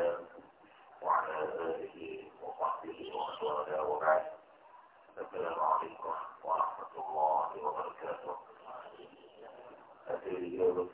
الله وعلى آله وصحبه ومن والاه وبعد السلام عليكم ورحمة الله وبركاته. أدري يا رب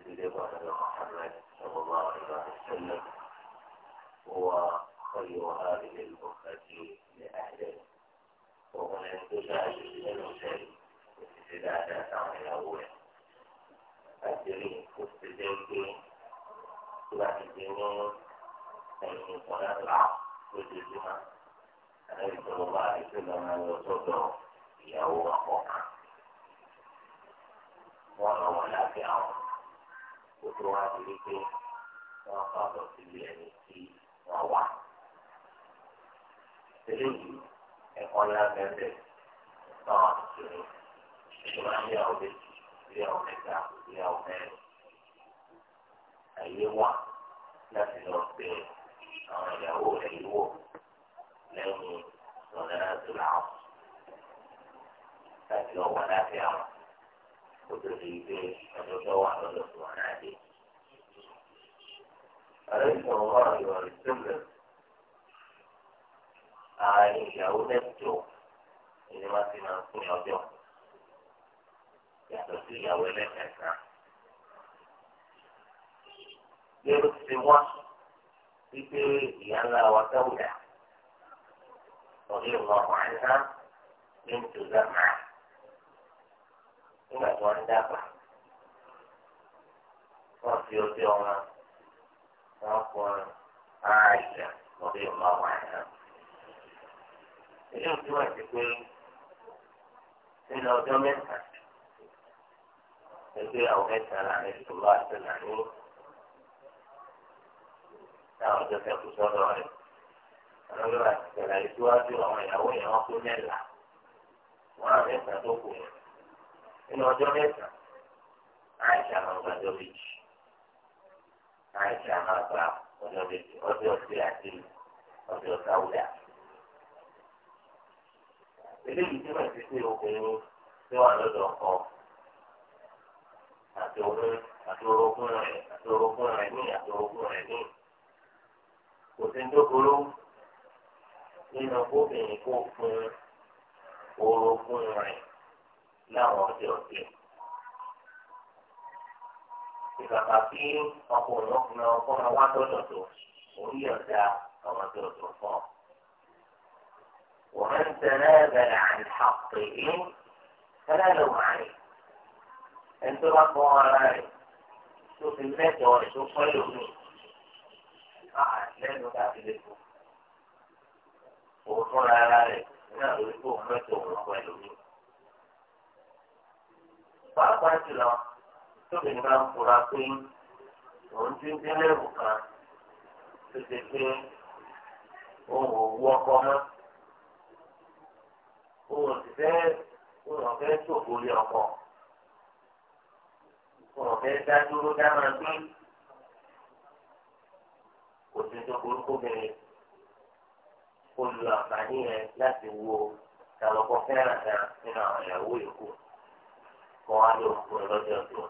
pé ìyá ńlá wa dáwùdà ọ̀rẹ́ wọn wà ńlá ní ìjọba máa nígbà tí wọ́n ń dàgbà wọ́n fi ojú ọmọ wọn kọ́ ara ìyá ọ̀rẹ́ wọn wà ńlá. ilé ìtura ti pé nínú ọjọ́ mẹ́ta ẹgbẹ́ àwọn mẹ́ta làwọn ètò lọ́wọ́ àti làwọn ètò. táwọn tó fẹ́ kú sọ́dọ̀ rẹ̀ ọlọ́dọ̀ àti ìṣẹ̀lẹ̀ ìṣíwájú àwọn ìyàwó yẹn wọ́n kú mẹ́la wọ́n á mẹ́sàn-án tó kù yẹn nínú ọjọ́ mẹ́sàn-án àìsàn àwọn ọ̀gbàjọ́ méjì àìsàn àwọn àgbà ọjọ́ kò sí ní burú nínú kóbìnrin kó fún oró fún rẹ̀ láwọn ọjọ́ ọ̀sẹ̀. ìgbàgbà tí ọkùnrin ọkùnrin ọkùnrin wá tọ̀dọ̀ tó orí ọ̀dà àwọn tó tó fọ́. ومن تنازل عن حقه فلا لوم عليه انت بقى عليه شوف الناس وشوف صلوا مين Ah, lẹ́nu tàbí lẹ́kọ̀ọ́. Òun fúnra ara rẹ̀ náà ló kó mẹ́tò òun pẹ̀lú mi. Pàápàá jùlọ, tóbi ní bá ń fura pé òun ti ń délé ìwò kan tó ti pé òun ò wú ọkọ mọ́. Òun ti fẹ́ òun ọ̀fẹ́ ṣòfò lé ọkọ. Òun ọ̀fẹ́ dá dúró dá máa gbé kò sí tó burúkú bẹ̀rẹ̀ kó lo àǹfààní rẹ̀ láti wo ìtàlọ́kọ́ fẹ́ràn kan nínú àwọn ìyàwó yòókù kó wá lò fún lọ́jọ́ tó.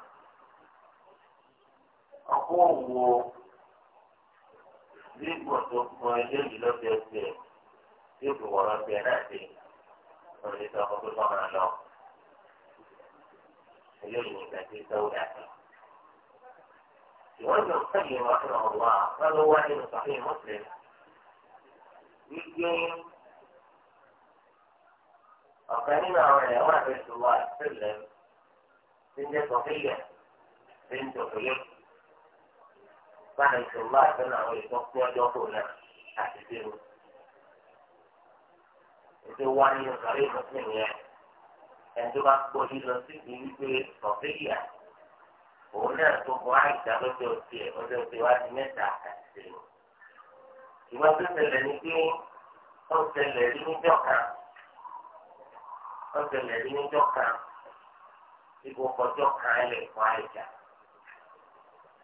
ọkọ̀ wo bí tó fún ẹjọ́ yìí lọ́jọ́ tó yóò fi wọ́n lọ́jọ́ náà dé òun ní sọ kọ́ máa lọ. ẹjọ́ yìí nìkan ti sọ́wọ́ dàtí. وابن القيم رحمه الله قال هو إن صحيح مسلم يجين أقرنا على واحد صلى الله عليه وسلم بنت صفية بنت حيي فعلت الله سنة ويتوقع جوفنا أحسسه ìdíwọ́ nínú sọ̀rọ̀ ìmọ̀sílẹ̀ yẹn ẹ̀ńdí wá gbọ́ lílọ sí ìdí wípé sọ̀fẹ́yà òun náà tó bọ àìsà lọ́jọ́ òsì ẹ̀ lọ́jọ́ òsì wa di mẹ́ta àti ìlú. ìwọ́n tó ṣẹlẹ̀ ní pé ó ṣẹlẹ̀ rí níjọ́ kan ó ṣẹlẹ̀ rí níjọ́ kan ìbò kọjọ́ kan ẹ̀ lè kọ́ àìsà.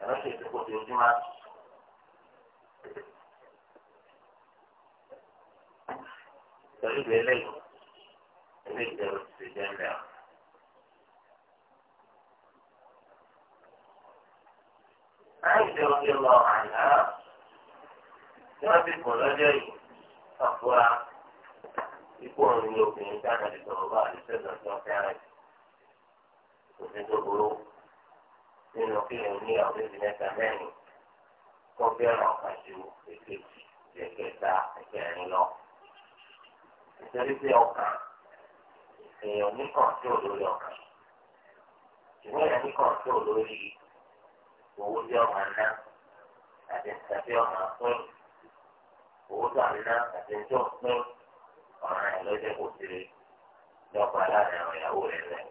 ẹ̀rọ ṣe ìdókò tó ojúmọ́. pẹ̀lú ìgbélé ilé ìjẹun ti ṣe jẹ́ mẹ́rin. عائشة رضي الله عنها يوافق رجل أقوى يكون يؤمن كان صلى الله عليه وسلم وكانت وفي الظروف nínú kí ẹ ní àwọn méjì mẹ́ta mẹ́rin kó bẹ̀rẹ̀ ọ̀kan ju èkejì ẹ̀kẹta ẹ̀kẹrin lọ. nítorí pé ọkàn èèyàn ní kọ̀ǹtò lórí ọkàn ìwé èèyàn ní kọ̀ǹtò lórí owó tí ọmọ ná àti tàbí ọmọ pín owó tó àná àti tó pín ọ̀ràn ẹ̀ lọ́jọ́ kò sí lọ́pàá láàrin àwọn ìyàwó rẹ̀ rẹ̀.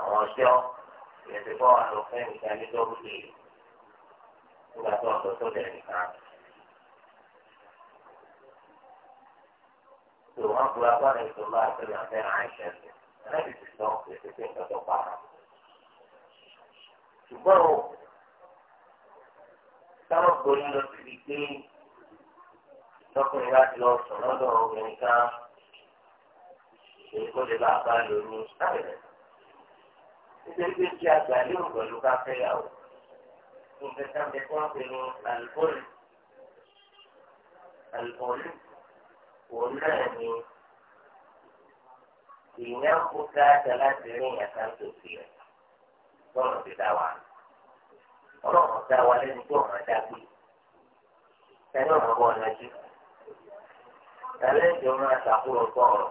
àwọn ọjọ́ ìrètí bọ́ àlọ́ fún ìgbà ní dọ́kítì nígbà tó ọ̀dọ́ tó bẹ̀rẹ̀ nìkan. tòun á kúra bá ní ìṣòro àti ìrìnàfẹ́ àìṣẹ́ láti ti sọ ìṣèṣe ìtọ́jú pa á ṣùgbọ́n o táwọn gbòòrò lọ sí ibi pé tọkùnrin láti lọ sùn lọ́dọ̀ obìnrin kan èyí kó lè bá a bá lò ní sáyẹn. nítorí pé kí àgbà yóò pẹ̀lú ká fẹ́ yà wò nǹkan kan bẹ fún ọ̀pẹ ní àlùbọ́ọ̀lù àlùbọ́ọ̀lù òun náà ni èèyàn kó káàtà láti rìn àkáǹtò sí rẹ̀ bọ́ọ̀lù ti dá wa ọlọ́run dá wa lẹ́nu tó ọ̀ràn dá gbé ẹni ọ̀ràn bọ́ ọ̀nà jù ẹlẹ́jọ́ máa ṣàkóso sọ̀rọ̀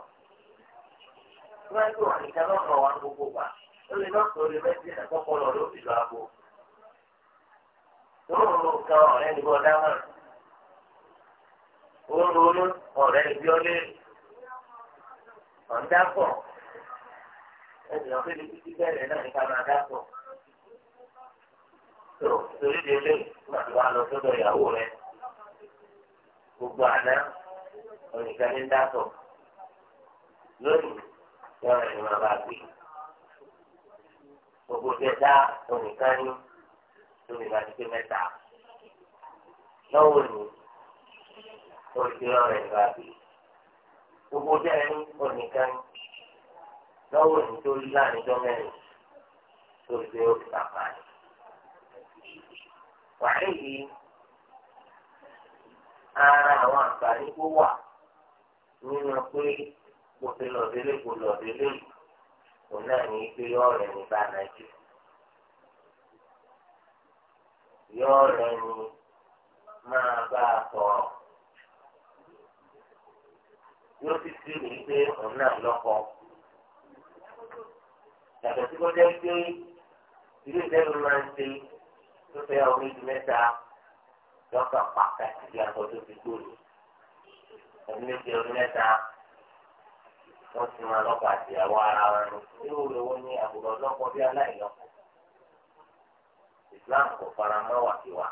wọ́n tó wà níta lọ́rọ̀ wa gbogbo wa ó lè lọ́sọ̀ ó lè mẹ́tì ẹ̀ kọ́kọ́ lọ ló fi lọ abo òun ló kan ọ̀rẹ́ ní bọ́ọ̀dá mọ̀ òun ló ló ọ̀rẹ́ ibi ọlẹ́ ọ̀ndàpọ̀ ẹ̀sìn ọ̀fẹ́ mi ti bẹ̀rẹ̀ náà ní ká máa dápọ̀ tó torí délé má ti wá lọ sọ́dọ̀ ìyàwó rẹ gbogbo àná ònìkan ní dátọ lónìí wọn rẹ ni wọn bá gbé gbogbo jẹ dá ònìkan ní lónìí bá ti pé mẹ́ta lọ́wọ́ ni ònìkan ní ọ̀rẹ́ ni bá gbé gbogbo jẹ ní ònìkan ní ni tó rí jọ mẹ́rin tó rí ó ti bàbá rẹ wàhálì ara àwọn àǹfààní tó wà nínú pé kò sí lọ́délé kò lọ́délé kò náà ní pé ọ̀rẹ́ ní bá nàìjíríà yóò rẹni máa bá a sọ̀rọ̀ yóò sì sí ní pé òun náà lọ́kọ̀ọ́ yàtọ̀ sí kó jẹ́ pé ilé ìdẹ́nu máa ń ṣe tó fẹ́ orí ju mẹ́ta lọ́kà pàtàkì bí akọ tó fi gbòòrò ẹni méjì orí mẹ́ta wọ́n ti máa lọ́kọ̀ àti ìyàwó ara wọn ní irú ìwọ ní àbúrò ọlọ́kọ̀ bí aláìlọ́kọ̀ Islam kò fara mọ́ wàkíwà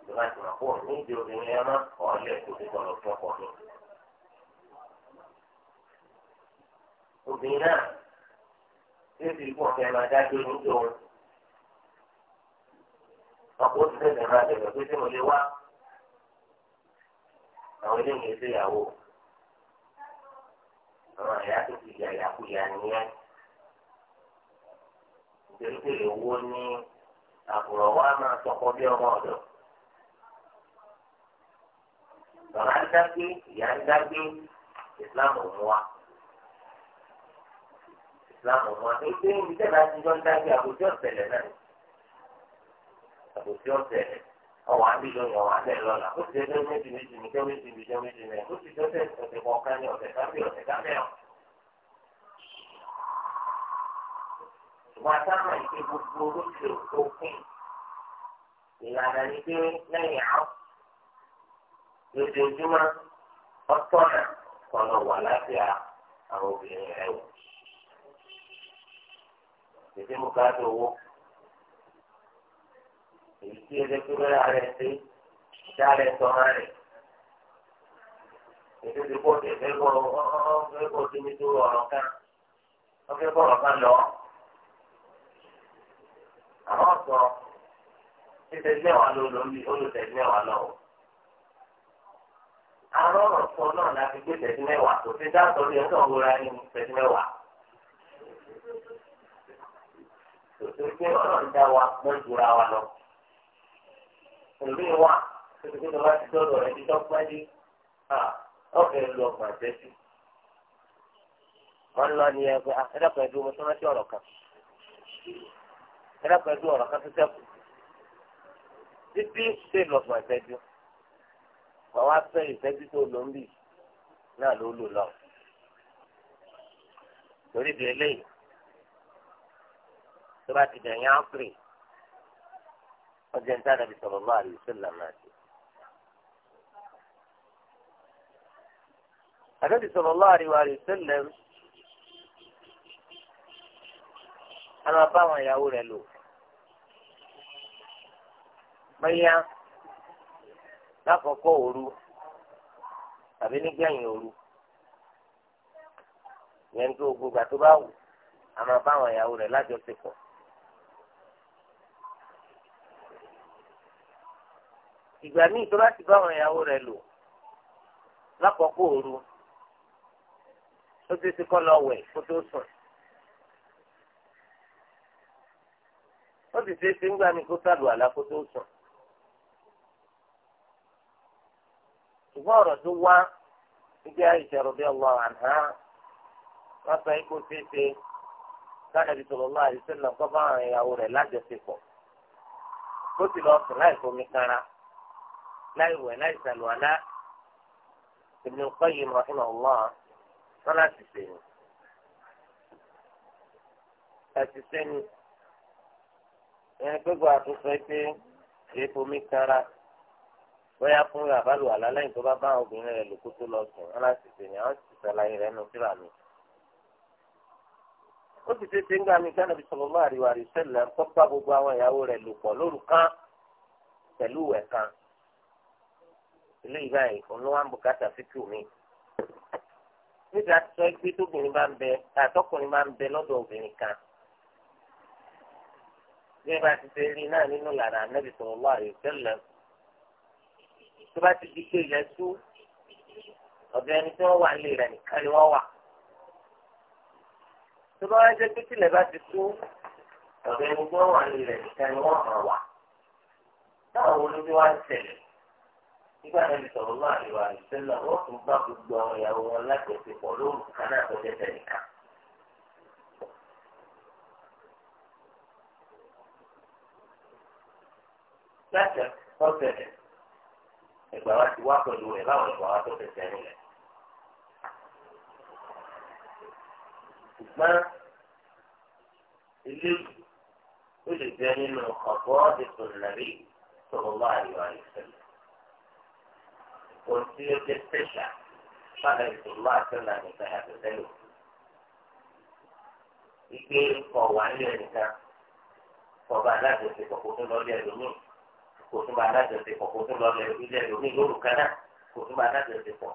ìjọba ti mọ̀ pé òní ìdí obìnrin ẹ má kọ́ ọ lẹ́kọ̀ọ́ tó kọ̀ fún ọkọ̀ mi. obìnrin náà tí ti kú ọ̀fẹ́ máa dájú ní ọ̀pọ̀ ti tẹ̀lé máa bẹ̀rẹ̀ pé tí mo lè wá àwọn eléyìí ṣe ìyàwó àwọn àyà tó ti yà yàkuyà nìyẹn nítorí pé èwo ni àbùrọ̀ wa máa sọ̀kọ́ bí ọmọ ọ̀dọ̀ bàbá ń dágbé ìyá ń dágbé ìsìláàmù mú wa ìsìláàmù mú wa pé pé ìdílé bá ti jọ ń dágbé àbújọ ìṣẹ̀lẹ̀ náà. àbòsí ọ̀sẹ̀ ọwọ́ àbí lóyún ọwọ́ àbẹ̀ lọ́la ó ti ẹgbẹ́ méjì méjì ní kẹ́wé ti bìjọ́ méjì ní ó ti jọ́sẹ̀ ọ̀sẹ̀ kọ̀ọ̀kan ní ọ̀sẹ̀ kábí ọ̀sẹ̀ kábẹ́ ọ̀. ṣùgbọ́n àtàwọn ìpè gbogbo orókè òkun ìlànà ní pé lẹ́yìn àwọn lójoojúmọ́ ọ̀tọ́nà kọlọ̀ wà lábẹ́ àwọn obìnrin rẹ̀ wò. Ìdí mú ká tó owó. èyí tí ẹgbẹ́ tó lọ́yà rẹ̀ ṣe ṣá rẹ̀ tọ́ra rẹ̀ èyí tí kò tẹ̀ fẹ́ bọ̀ fẹ́ bọ̀ sí mi tó ọ̀rọ̀ kan wọ́n fẹ́ bọ̀rọ̀ kan lọ. àwọn sọ títẹ̀gbẹ́ wa ló lórí olùtẹ̀gbẹ́ wa lọ. àwọn ọ̀rọ̀ sọ náà la gbé tẹ̀gbẹ́ wa kò sí dáàtọ̀ bí ẹ̀sán òwúra ní tẹ̀gbẹ́ wa. tòtò pé ọlọ́run dá wa mọ́ ìdúrà wa lọ pẹ̀lú ìwà tuntun tó bá ti dọ́dọ̀ rẹ̀ dídọ́ pẹ́ẹ́lí ọ̀kẹ́ lu ọgbà tẹ́sí. wọ́n lọ ní ẹgbẹ́ ẹ̀dàpọ̀ ẹ̀dùn ọmọ tó rántí ọ̀rọ̀ kan ẹ̀dàpọ̀ ẹ̀dùn ọ̀rọ̀ kan tó sẹ́kù títí ṣe lọ́gbà tẹ́jú wọ́n wá fẹ́ ìtẹ́jú tó lò ń bì náà ló lò lọ. torí bí eléyìí tó bá ti dẹ̀ yán ápèrè ọjọ́ ní sáà nàbì sallallahu alaihi wasallam náà ṣe. àdébì sallallahu alaihi wasallam a máa bá àwọn ìyàwó rẹ̀ lò. bóyá lákòókò òru tàbí nígbẹ̀yìn òru ìyẹn tó gbogbo àti bá wù a máa bá àwọn ìyàwó rẹ̀ lájọṣepọ̀. ìgbà míì tó bá ti bá àwọn ìyàwó rẹ̀ lò lákòókò òru ó ti ti kọ́ lọ wẹ̀ kó tó sùn. ó sì ṣe é ń gbà kó sàlù àlá kó tó sùn. ṣùgbọ́n ọ̀rọ̀ tó wá níbi Àìṣà radiyallahu anha wọ́n sọ ikú ṣe é ṣe káàdì sallallahu alaihi wasallam kọ́ bá àwọn ìyàwó rẹ̀ lájọṣepọ̀ kó lọ sùn láì wẹ̀ láì sàlùwàlá Ibn Qayyim rahimahullah wọn láti sèyìn láti sẹ́yìn ẹni gbogbo àtúnṣe pé èyí fomi kára bóyá fún àbálò àlálẹ́yìn tó bá bá obìnrin rẹ̀ lòkú tó lọ sùn wọn láti sèyìn àwọn sì sàlàyé rẹ̀ nù síra mi ó sì ṣe ṣe ń gbà mí kí Ànábì sallallahu alaihi wa sallam ń tọ́pá gbogbo àwọn ìyàwó rẹ̀ lò pọ̀ lóru kan pẹ̀lú ìwẹ̀ kan eléyìí báyìí olówó ń bùkátà fíkì mi. nígbà tó ẹ gbé tóbìnrin bá ń bẹ àtọkùnrin bá ń bẹ lọ́dọ̀ obìnrin kan. bí ẹ bá ti ṣe rí náà nínú ìlànà anábì sallallahu alaihi wasallam. tó bá ti di pé ilẹ̀ tú ọ̀dọ̀ ẹni tí wọ́n wà lè rẹ̀ nìkan ni wọ́n wà. tó bá wá jẹ́ pé tilẹ̀ bá ti tú ọ̀dọ̀ ẹni tí wọ́n wà lè rẹ̀ nìkan ni wọ́n hàn wà. táwọn olóbi wá nígbà níbi sọ̀rọ̀ lọ́wọ́ àríwá ìṣẹ̀lẹ̀ wọ́n tún bá gbogbo àwọn ìyàwó wọn láti ẹ̀sìn pọ̀ lóru kan náà tó tẹ̀sẹ̀ nìkan. Lẹ́sẹ̀ ọ̀sẹ̀lẹ̀ ẹgbà wa ti wá pẹ̀lú rẹ̀ láwọn ìgbà wa tó tẹ̀sẹ̀ nílẹ̀. Ṣùgbọ́n ilé ó lè jẹ́ nínú ọ̀pọ̀ ọ̀dẹ̀tò nàrí sọ̀rọ̀ lọ́wọ́ àríwá ìṣẹ̀lẹ̀. ohun tí ó jẹ́ special fáwọn ìṣòro àtẹnà nìkan yàtọ̀ sẹ́yìn. ìgbé ọ̀wà nílẹ̀ nìkan ọba alájọṣepọ̀ kò tún lọ́ọ́ lé ẹlòmíì kò tún bá alájọṣepọ̀ kò tún lọ́ọ́ lé ẹlòmíì lórúkọ náà kò tún bá alájọṣepọ̀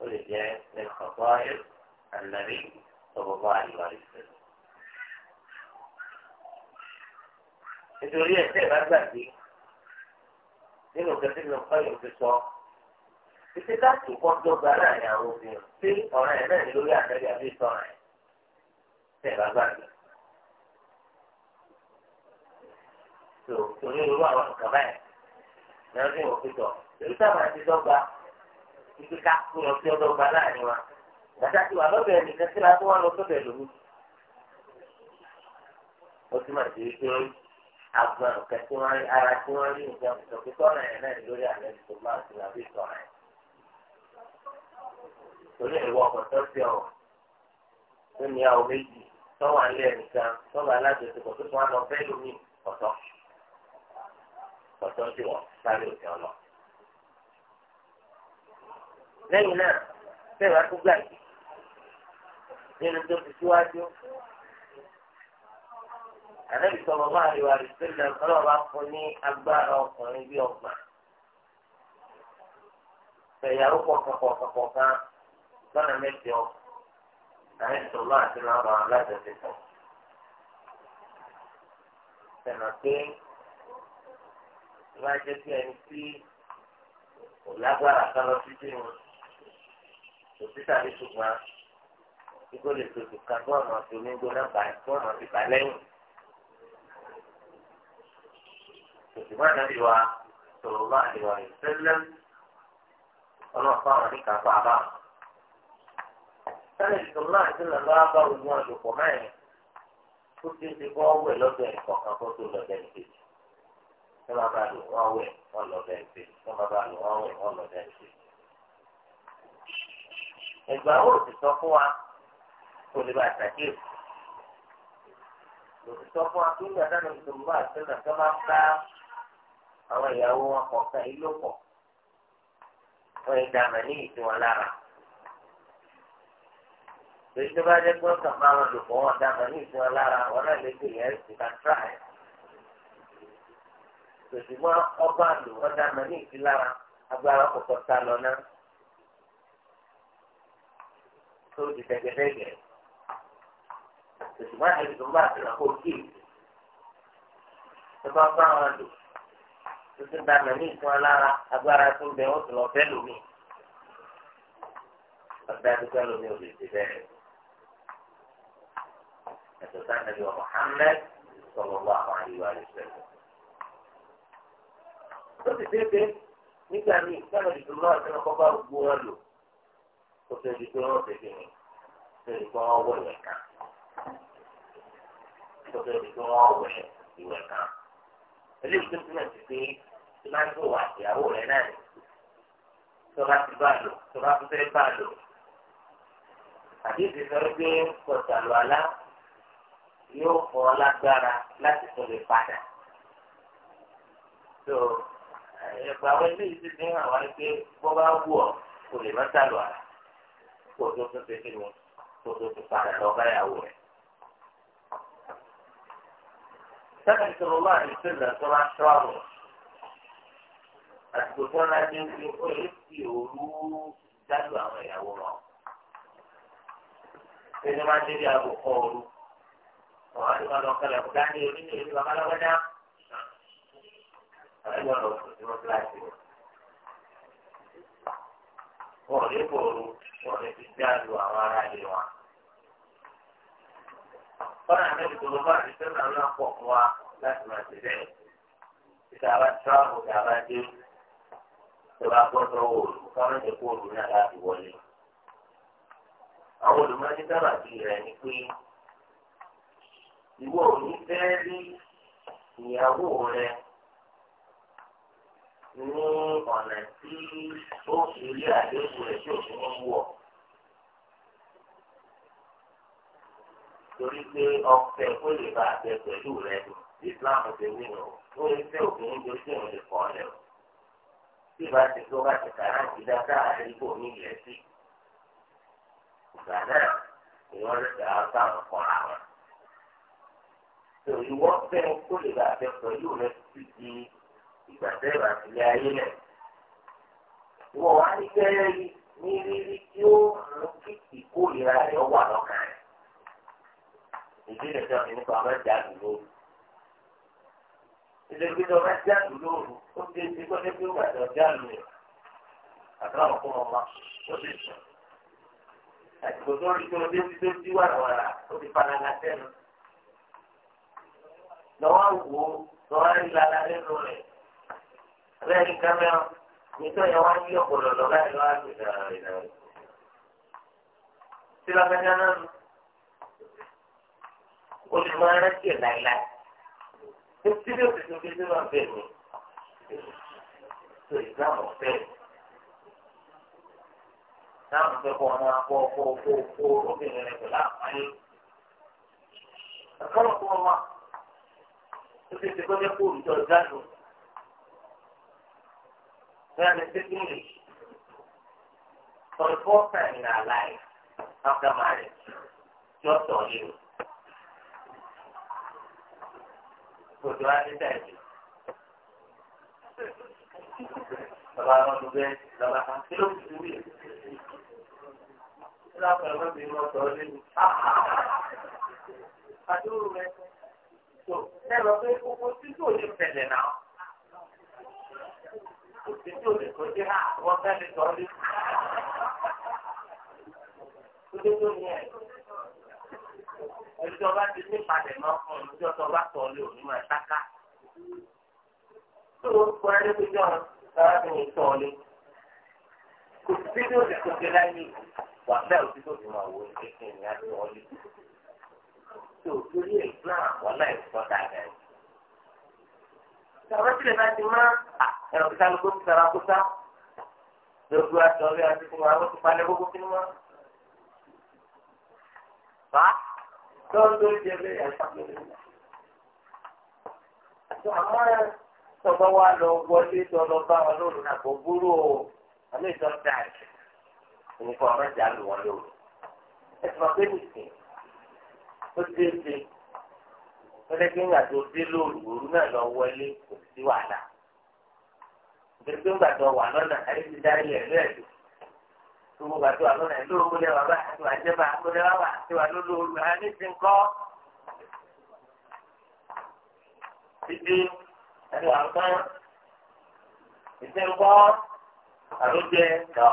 ó lè jẹ́ ẹ̀kọ́tọ́ ẹ̀ àlàrí ọ̀bọ̀bọ̀ àyíwá ìṣẹ̀lẹ̀. nítorí ẹ̀ tẹ́ ẹ bá gbàgbé nínú kẹsí ní ọkọ yìí ti sọ títí káàkiri kan dọ́gba láàrin àwọn obìnrin tí ọ̀rẹ́ ẹ̀ náà ní lórí àtẹ́gbẹ́ àbí sọ̀rọ̀ ẹ̀ tẹ̀ bàbá mi. tó torí irú àwọn nǹkan báyìí ní ọdún ìwọ̀n pípọ̀ èyí sábà ti dọ́gba títí káàkiri kan tí ó dọ́gba láàrin wa gbàtà tí wà lọ́bẹ̀ẹ́ nìkan síra tó wà lọ sọ́bẹ̀ẹ́ lòun. ó ti máa ti rí agbọ̀n nǹkan tí wọ́n ara tí wọ́n rí nǹkan ìsọ pé tọ́nà ẹ̀ náà lórí àlẹ́ tó bá ti là tọ́nà ẹ̀. torí ìwọ ọkọ̀ tó ti ọ̀ tó ní àwọn méjì tọ́wọ́ alẹ́ nìkan tọ́wọ́ alájọsọ̀kọ̀ tó tún wá lọ fẹ́ lómi ọ̀tọ̀ ọ̀tọ̀ tí wọ́n sáré òkè ọ̀nà. lẹ́yìn náà bẹ́ẹ̀ wá tó gbàgbé nínú tó fi síwájú ànábì sọ̀rọ̀ máa rí wa rí sílẹ̀ ọlọ́run bá fún ní agbára ọkùnrin bí ọgbà. Fẹ̀yàwó kọ̀ọ̀kan lọ́nà mẹ́jọ ànábì sọ̀rọ̀ máa ti máa ràn án lájọsí tán. Sẹ̀nà pé ìwà jẹ́ kí ẹni tí kò lágbára kan lọ sí sínú kò sí tàbí ṣùgbọ́n kí kò lè tòṣù kan tó ọ̀nà tó ní gbóná báyìí tó ọ̀nà ti bà lẹ́yìn. ṣùgbọ́n ànábì wa sọ̀rọ̀ bá àdìwà ìṣẹ́lẹ̀ ọlọ́pàá wọn ní kápá bá. sálẹ̀ ìṣòro náà ti lọ lọ́wọ́ bá ogun àlòpọ̀ mẹ́rin ó ti ti kọ́ wẹ̀ lọ́dọ̀ ẹ̀kọ̀ọ̀kan kó tó lọ́dọ̀ ẹ̀kejì. wọ́n máa bá lò wọ́n wẹ̀ wọ́n lọ́dọ̀ ẹ̀kejì wọ́n máa bá lò wọ́n wẹ̀ wọ́n lọ́dọ̀ ẹ̀kejì. ẹ̀gbà ó ti sọ fún wa kó lè bá àtàkìrì òtítọ́ fún wa kí nígbà táwọn ìṣòro bá àtẹ́lẹ̀ àwọn ìyàwó wọn kọ̀ọ̀kan ìlú pọ̀ wọ́n ìdá àmà ní ìdí wọn lára. Èyí tó bá pé wọn lò pọ̀ wọn dá àmà ní ìdí wọn lára wọn náà lè gbé yẹn sí ká tíra ọba lò wọn dá àmà ní ìdí lára agbára kọ̀ọ̀kan ta lọ náà. Tó di tẹ̀gẹ̀dẹ̀gẹ̀. Tòṣùgbọ́n àìsàn bá kó kí. Ẹ bá bá wọn lò. tuntun da mẹ́mí fún alára agbára tó ń bẹ wọ́n tó lọ fẹ́ lómi. ọ̀dà dúpẹ́ lómi ò lè ti bẹ́ẹ̀. ẹ̀sọ́ sáà ní ọmọ Muhammad sọ̀rọ̀ wà àwọn àyíwá rẹ̀ sẹ́yìn. ó ti dédé nígbà míì sọ́nà ìdúró náà sọ́nà kọ́ bá gbó wọn lò ó tó di pé wọ́n tètè ní tó di pé wọ́n wọ̀ kan ó tó di pé wọ́n wọ̀ ìwẹ̀ kan. eléyìí tó túmọ̀ sí pé tí máa ń tó wà ìyàwó rẹ̀ náà ni tó bá ti bá lò tó bá tún fẹ́ bá lò. àdéhùn sọ pé kọ̀tàlù àlá yóò fọ lágbára láti tó lè padà. tó ẹ̀gbà wọn ilé yìí ti dín àwọn ẹgbẹ́ bọ́ bá wù ọ́ kò lè má sàlù àlá kó o tó tún ṣe kó o tó padà lọ ìyàwó rẹ̀. Sábà ìṣòro wà ní sílẹ̀ àsìkò tí wọ́n lájú ń fi ó yẹ kí òru dájú àwọn ìyàwó wọn. ṣé ní máa ń débi àgọ́ kọ òru? wọ́n á ní wọn lọ kọlẹ̀ kó dání onílé ìlú babaláwọ́dá. àlejò ọ̀rọ̀ kò sí wọn kíláàsì rẹ̀. wọn ò lè kó òru wọn lè fi dájú àwọn ará ilé wọn. kọ́nà àmì ìdòdó bá ti sẹ́nu àwọn akọ̀ fún wa láti máa ṣe bẹ́ẹ̀. ìta bá tíráàbù ìta bá dé tó bá gbọ́ sọ́wọ́ òru káwọn jẹ́ kó òru náà láti wọlé. àwọn olùmọ̀ọ́dé sábà bí rẹ̀ ni pé ìwọ ò ní fẹ́ rí ìyàwó rẹ ní ọ̀nà tí ó fi rí àdéhùn rẹ̀ tí òfin ń wọ̀. torí pé ọ̀fẹ́ kó lè bá àgbẹ̀ pẹ̀lú rẹ̀ Islam ti wí nù ó ń fẹ́ òfin nítorí tí òun lè kọ́ ọ lẹ́wọ̀ tí ìbá ti tó bá ti kàrá ìdá táà àdúgbò ní ilẹ̀ sí. ìgbà náà ni wọ́n lè gbà bá àwọn kọ́ra wọn. tòyí wọ́n fẹ́ kó lè bá fẹ́ pẹ̀lú rẹ ti di ìgbà tẹ́lẹ̀ àti ilé ayé rẹ̀. ìwọ wá ní fẹ́rẹ́ yìí ní rírí tí ó mú kí ìkórìíra rẹ̀ wà lọ́kàn rẹ̀. ìdílé sọ̀rọ̀ nípa ọmọ ìjà àdúgbò ilé gbé lọ bá jáde lóru ó ti ti kó ní pé wàdà jáde rẹ àbúrò àwọn kó wọn ma ó ti sùn àtìkò tó rí tó dé tó ti wàràwàrà ó ti fara la sẹ́nu lọ́wọ́ wò ó lọ́wọ́ rí lala lẹ́nu rẹ̀ abẹ́rẹ́ nǹkan mẹ́rin nítorí ẹ̀ wá ń yí ọ̀pọ̀lọ̀ lọ́wọ́ ẹ̀ lọ́wọ́ àti ìdára rẹ̀ náà sí lọ́kẹ́kẹ́ náà ó lè máa rẹ́sì ẹ̀ láíláí. títí bí òsì tó títí máa bẹ̀ mí tó ìdáàmú fẹ́ dáàmú fẹ́ kọ́ ọmọ akọ kó kó kó obìnrin rẹ pẹ̀lú àpáyé ẹ̀kọ́ kó ọmọ tó títí kó jẹ́ kó olùjọ jáde for the first time in our life after marriage just on you. kò tó wá níta ẹ̀jẹ̀. Bàbá lọ́ba kan kí ló fi wí. Kí ló fẹ́ wọ́n fi mọ́ sọ ọ́ lẹ́nu? Àdúró rẹ̀ tó lẹ́rọ pé gbogbo tí yóò lè tẹ̀lẹ̀ náà. Òsì tí ò lè tó dé hà, wọ́n lè sọ ọ́ lẹ́nu. Kí ló tó yẹ? ẹjọ́ bá ti ní padà mọ́ fún un ẹjọ́ tó bá tọ̀ lé òní máa ṣáká. tó o kọ́ ẹni tó jọ arábìnrin tọ̀ lé kò sí bí ó ti tó dé láyé wà bẹ́ẹ̀ ó ti tó ti máa wọ kékeré ní àtọ̀ lé. tó o torí ẹ̀ náà wọ́n náà ẹ̀ sọ dáadáa yìí. Àwọn tílẹ̀ náà ti máa ẹ̀rọ kíkà lóko ti sara kó Lọ́gbọ́n àti ọ̀rẹ́ àti fún wa, wọ́n ti palẹ̀ lọ́dún jẹ bẹ́ẹ̀ alhamdulilayi. Àti àmọ́ tọ́gbọ́n wa lọ wọlé tó lọ bá wọn lóru náà kò búrú o, àmì ìtọ́ dáàjì. Nǹkan ọ̀rọ̀ jà lù wọn lóru. Ẹ ti máa pé nìsín. Ó ti ń ṣe. Wọ́n ti ń gbàdúró dé lóru òru náà lọ wọlé kò sí wàhálà. Ìgbésẹ̀ ń gbàdúrà wà lọ́nà àyè ti dárí ẹ̀ lẹ́ẹ̀dùn gbogbo bàtí wà lónà ìlú ògbólé wà bá àti wàjẹ́ bá àgbólé wà wà àti wà lólu olù hà ní ti ń kọ́. títí ẹni wà kán ìṣe ń kọ́ àlójẹ nà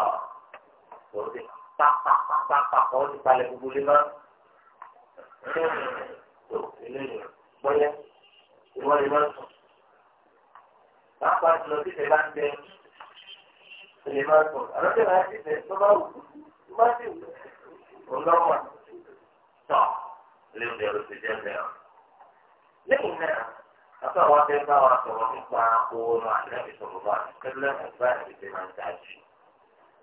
lóde pàpàpàpàpà ó ti palẹ̀ gbogbo lé mọ́. tó eléyìí ìwọ́n lè mọ́ sùn. pàápàá jùlọ títẹ̀ ń bẹ. سليمان قول أنا كان عايز يسمعه ما في والله ما صح اليوم ده الرجال ده لكن أتوا تلقى وأتوا معقول وعلى صلى الله عليه وسلم أتباع بما تعجب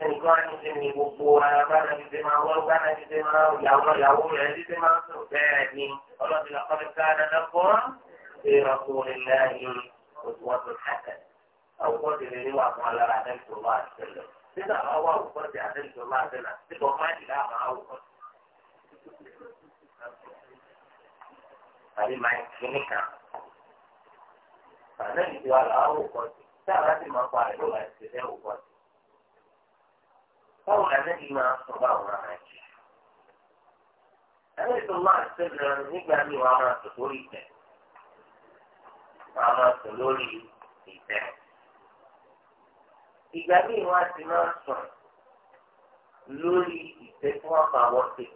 ẹnì kan á ní sí ni gbogbo ara bá náà ti dé máa wọ́n bá náà ti dé máa yàwó yàwó rẹ̀ ti dé máa sùn bẹ́ẹ̀ ni ọlọ́dún lọ́kọ́ mi ká dáná fún ọ́ ṣe ìrọ̀kùnrin lẹ́yìn òṣùwọ̀n tó ṣàkàtà. àwùkọ́ ti rere wà fún alára àtẹ̀sọ̀ wà àtẹ̀lẹ̀ nígbà máa wá àwùkọ́ ti àtẹ̀sọ̀ wà àtẹ̀lẹ̀ nígbà máa jìlá máa àwùkọ́. àbí máa ń kíní kan àná ìdí wa là àwùkọ́ ti tá a bá ti máa pa àìló àti ìṣẹ̀lẹ̀ àwùkọ́ ti. báwo la ní kí máa sọ báwo la máa jì? àtẹ̀sọ̀ wà àtẹ̀lẹ̀ nígbà míì wà máa sọ lórí ìtẹ̀ wà máa sọ lórí ìtẹ̀ ìgbà míì wọn á ti máa sùn lórí ìtẹ̀kùn àbáwọ́tẹ̀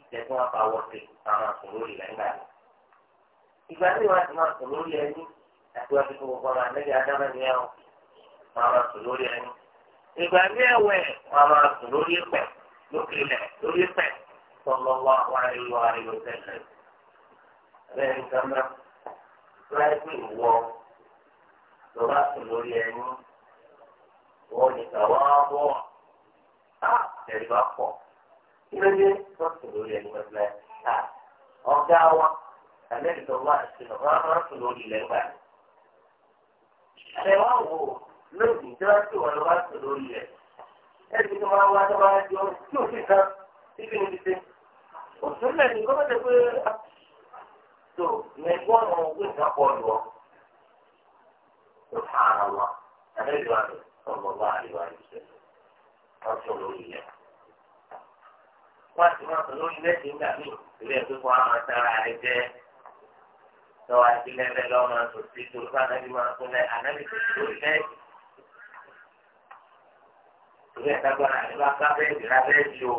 ìtẹ̀kùn àbáwọ́tẹ̀ àwọn àsùn lórí ìlànà rẹ̀ ìgbà míì wọn á ti máa sùn lórí ẹni àti wọn fi gbogbo ọmọ àlejò adámẹ́ ni ẹ̀ wọn máa sùn lórí ẹni ìgbà míì ẹ̀wẹ̀ wọn máa sùn lórí ẹ̀pẹ̀ lókè ilẹ̀ lórí ẹ̀pẹ̀ sọlọ́wọ́ àwọn àríwá àríwá tẹ̀lé bẹ́ẹ̀ ni ló bá lórí ẹni wọn ní tàwa bọ̀ á tẹ̀lé bá pọ̀ kílódé tó sùn lórí ẹni wọn lẹ́ ta ọ̀gá wa àlẹ́lẹ́ tó wà sí ọ̀gá wọn lórí ilẹ̀ gbà. àlẹ́ wa wò lóògì tí wọ́n sì wọ́n lọ bá sùn lórí rẹ̀ ẹ̀ẹ́dì tó máa wá tó máa di tí òfin kan tí kìíní ti ṣe. òṣèlú ẹ̀ ní pé tó ní ẹgbọ́n ọ̀gbìn kan pọ̀ lọ. سبحان الله àlè ọlọ́wọ́ الله ìṣẹ́ wọ́n sọ lórí yẹn. wọ́n ti máa sọ lórí lẹ́sìn nígbà míì ilé ẹ̀kọ́ kó àwọn sára rẹ jẹ́ lọ́wọ́ àti lẹ́fẹ̀ẹ́ lọ́wọ́ máa sọ sí tó fún anábì máa sọ lẹ́ anábì tó sọ lórí lẹ́sìn. ìwé ẹ̀dágbọ́n àti bá kábẹ́ẹ̀dì lábẹ́ẹ̀dì o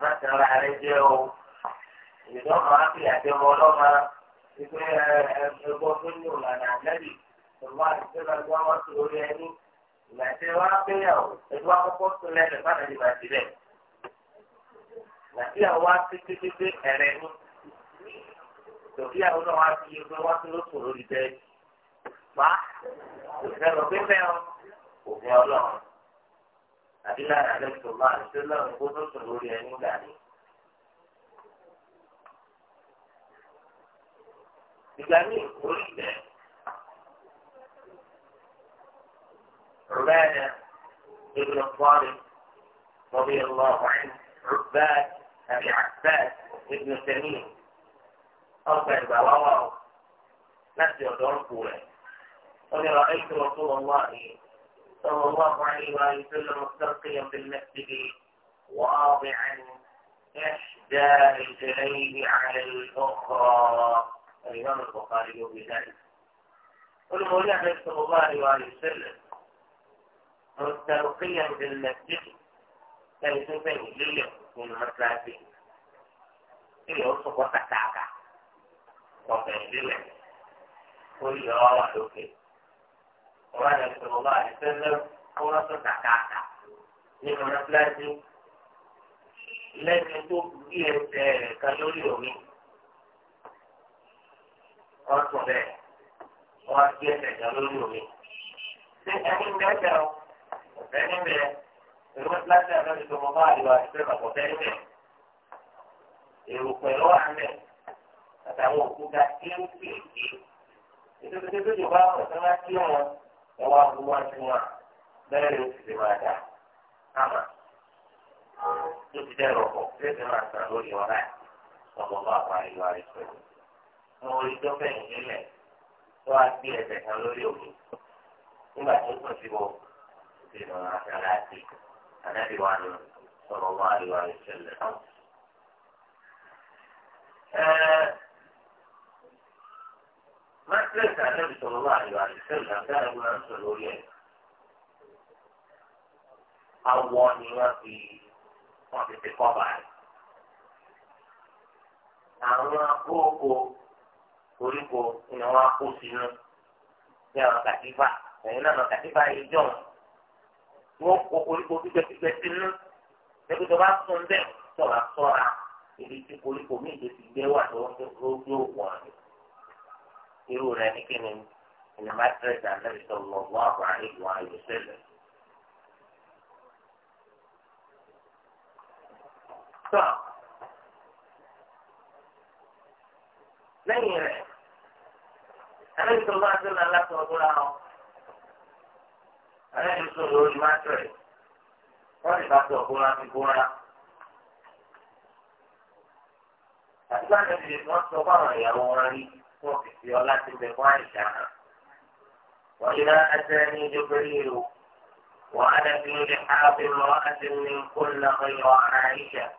má sára rẹ jẹ́ o ìdánwò àti àjẹmọ́ ọlọ́mọ ìpè ẹgbẹ́ tó ní ìlànà àlẹ́bí ìwà ìṣẹ́lẹ̀ tí wọ́n ti lórí ẹni ìgbà tí wọ́n á péyàwó ẹgbẹ́ akọ́kọ́ tó lẹ́nu bàtà ìgbà sílẹ̀ ìgbà tí àwọn wá sí kékeré ẹ̀rẹ́ ní tòbí àwọn náà wá sí ẹgbẹ́ wá sí lóṣù lórí bẹ́ẹ̀ pa ìfẹ́ lọ pé fẹ́ ọ òfin ọlọ́run àbí lára àlẹ́ tó máa ń kó lóṣù lórí ẹni gbà ní. ìgbà ní عبادة ابن الصالح رضي الله عنه عباد أبي عباد ابن تميم أربع بواواه نفس يدور كوله قل رأيت رسول الله صلى الله عليه وآله وسلم مستلقيا بالمسجد واضعا إحدى رجليه على الأخرى الإمام البخاري يوم ذلك والمولى النبي صلى الله عليه وسلم مستلقيا بالمسجد كان يسوي ليه من مسلاته ilé o sọ̀kọ́ kàtàkà ọ̀bẹ ìdílẹ̀ ó yọ ọ́ wà lókè. Ọba yẹn sọ̀rọ̀ bá ìfẹ́lẹ́ ọlọ́sọ̀ kàtàkà nínú ọ̀nà fúláṣí lẹ́ni tó gbé ẹsẹ̀ rẹ̀ kan lórí omi. wọ́n tún bẹ́ẹ̀ wọ́n gbé ẹsẹ̀ kan lórí omi. ṣé ẹni mẹ́tẹ̀ ọ ọ̀fẹ́ níbẹ̀ èrò láti àbẹ́bí tó mọ bá àdìwà àtìpẹ́ bàbá ọ̀fẹ́ níbẹ̀ èrò pẹ̀lú àmẹ́ àtàwọn òkúta kéékèèké ìdókòtò tó ti bá ọ̀sán wá sí wọn ẹ wá bu wá sí wọn bẹ́ẹ̀ ló ti lè máa dà ámà tó ti dẹ́rọ̀ ọ̀pọ̀ tó ti máa sàn lórí mo rí dọ́fẹ̀ nílẹ̀ tó wá gbé ẹsẹ̀ kan lórí òkè nígbà tó kàn sí wọ ìdènà àtàláàtì àdábìwá ni sọ̀rọ̀ wá ìwà ìṣẹ̀lẹ̀ náà. Mọ́tílẹ̀ sàlẹ̀ sọ̀rọ̀ wá ìwà ìṣẹ̀lẹ̀ náà dára ló ń sọ lórí ẹ̀. Awọ ni wọ́n fi wọ́n fi ti kọ́ bàá. Àwọn akókò koríko ni wọ́n á kó sínú ní àwọn kàtífà ẹ̀yin náà kàtífà yìí jọ̀ wọ́n kó koríko pípẹ́pípẹ́ sínú ẹgbẹ́ tó bá sún bẹ́ẹ̀ tó bá sọ́ra ibi tí koríko míì tó ti gbé wà lọ́wọ́ tó yóò wọ̀n ni irú rẹ̀ ní kíni ìnáwó àtẹ̀rẹ̀dà ànábì sallallahu alaihi wa sallam. lẹ́yìn rẹ̀ ẹlẹ́yìn tó máa ń tó lọ́la tó ọdún láwọn ẹlẹ́yìn tó lórí máa tẹ̀ wọ́n lè bá tó ọdún láti bóra. àti láti lè wọ́n sọ fáwọn ìyàwó wọn rí wọ́n fi ọlá ti bẹ̀ fún àìsàn hàn. wọ́n yí náà ẹsẹ̀ ní ìjọbẹ̀rẹ̀ ìlú wọ́n á dẹ̀ fi lè ha ní kó lọ́kọ̀ àìsàn.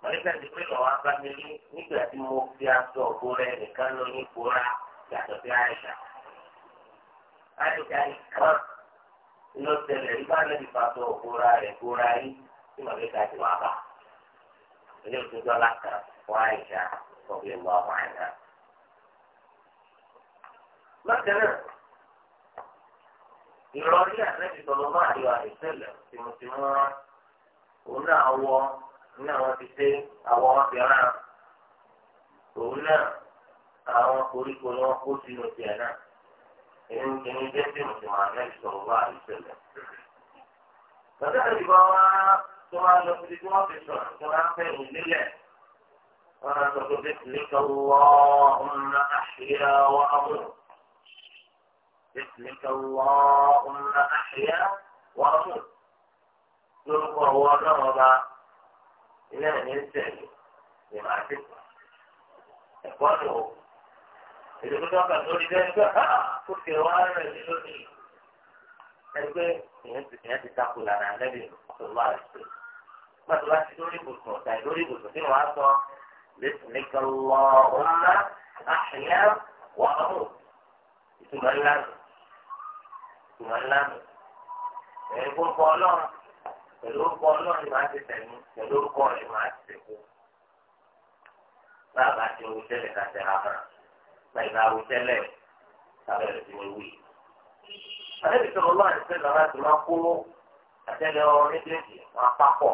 wọ́n ní sẹ́ni pé lọ́wọ́ abámi nígbà tí mo fi aṣọ òbó rẹ̀ nìkan lọ ní ìkóra. yàtọ̀ sí àyíṣà. àyíṣà nìkan ló tẹ̀lé nígbà náà nípa tó òkúra rẹ̀ kúra yìí tí màmíkà ti wà bá. ilé ìtújọ́ láta fún àyíṣà ọ̀gbìn ìwà ọ̀hún àyíṣà. bákan náà ìrọ̀lẹ́ tọ́lọ́ máa yọ tìmùtìmù òun náà wọ ní àwọn koríko ni wọ́n kó sínú tiẹ̀ náà èyí ń kíni jẹ́ sí mùsùlùmí àná ìsọ̀rọ̀ wá ìṣẹ̀lẹ̀. bàtà ìbá wa tó wá lọ sí tí wọ́n fi sọ̀rọ̀ tó wá fẹ́ ìlílẹ̀ wọ́n á sọ pé bẹ́sìlẹ́kà wọ́ọ́mùnà àṣìyá wa mú. bẹ́sìlẹ́kà wọ́ọ́mùnà àṣìyá wa mú. lórúkọ ọwọ́ ọlọ́run ọba ilé ẹ̀ ní sẹ́yìn ìmọ̀ àti ẹ̀kọ́ ìdòdó tó kà lórí bẹ́ẹ̀ gbà á kó fi wá rẹ̀ lónìí. ẹgbẹ́ ìyẹn ti takò lára lẹ́bi ọ̀sọ̀lá ẹ̀sẹ̀. pàtó bá ti lórí ibùsùn ọ̀tà lórí ibùsùn tí wọ́n á sọ lẹ́sìnìkà lọ ọ̀la àṣìyá wà ó. ìtumọ̀ ńlá nù ìtumọ̀ ńlá nù. ẹ̀yin kó ń wí ká tẹ̀ gbàgbà awo tẹ́lẹ̀ sábẹ́ rẹ̀ ti wọ́n wí. àlejò sọ̀rọ̀ lọ́wọ́ àti sẹ́lẹ̀ wọn ti máa kó àtẹ́lẹ̀ ọ̀rọ̀ méjèèjì wọn papọ̀.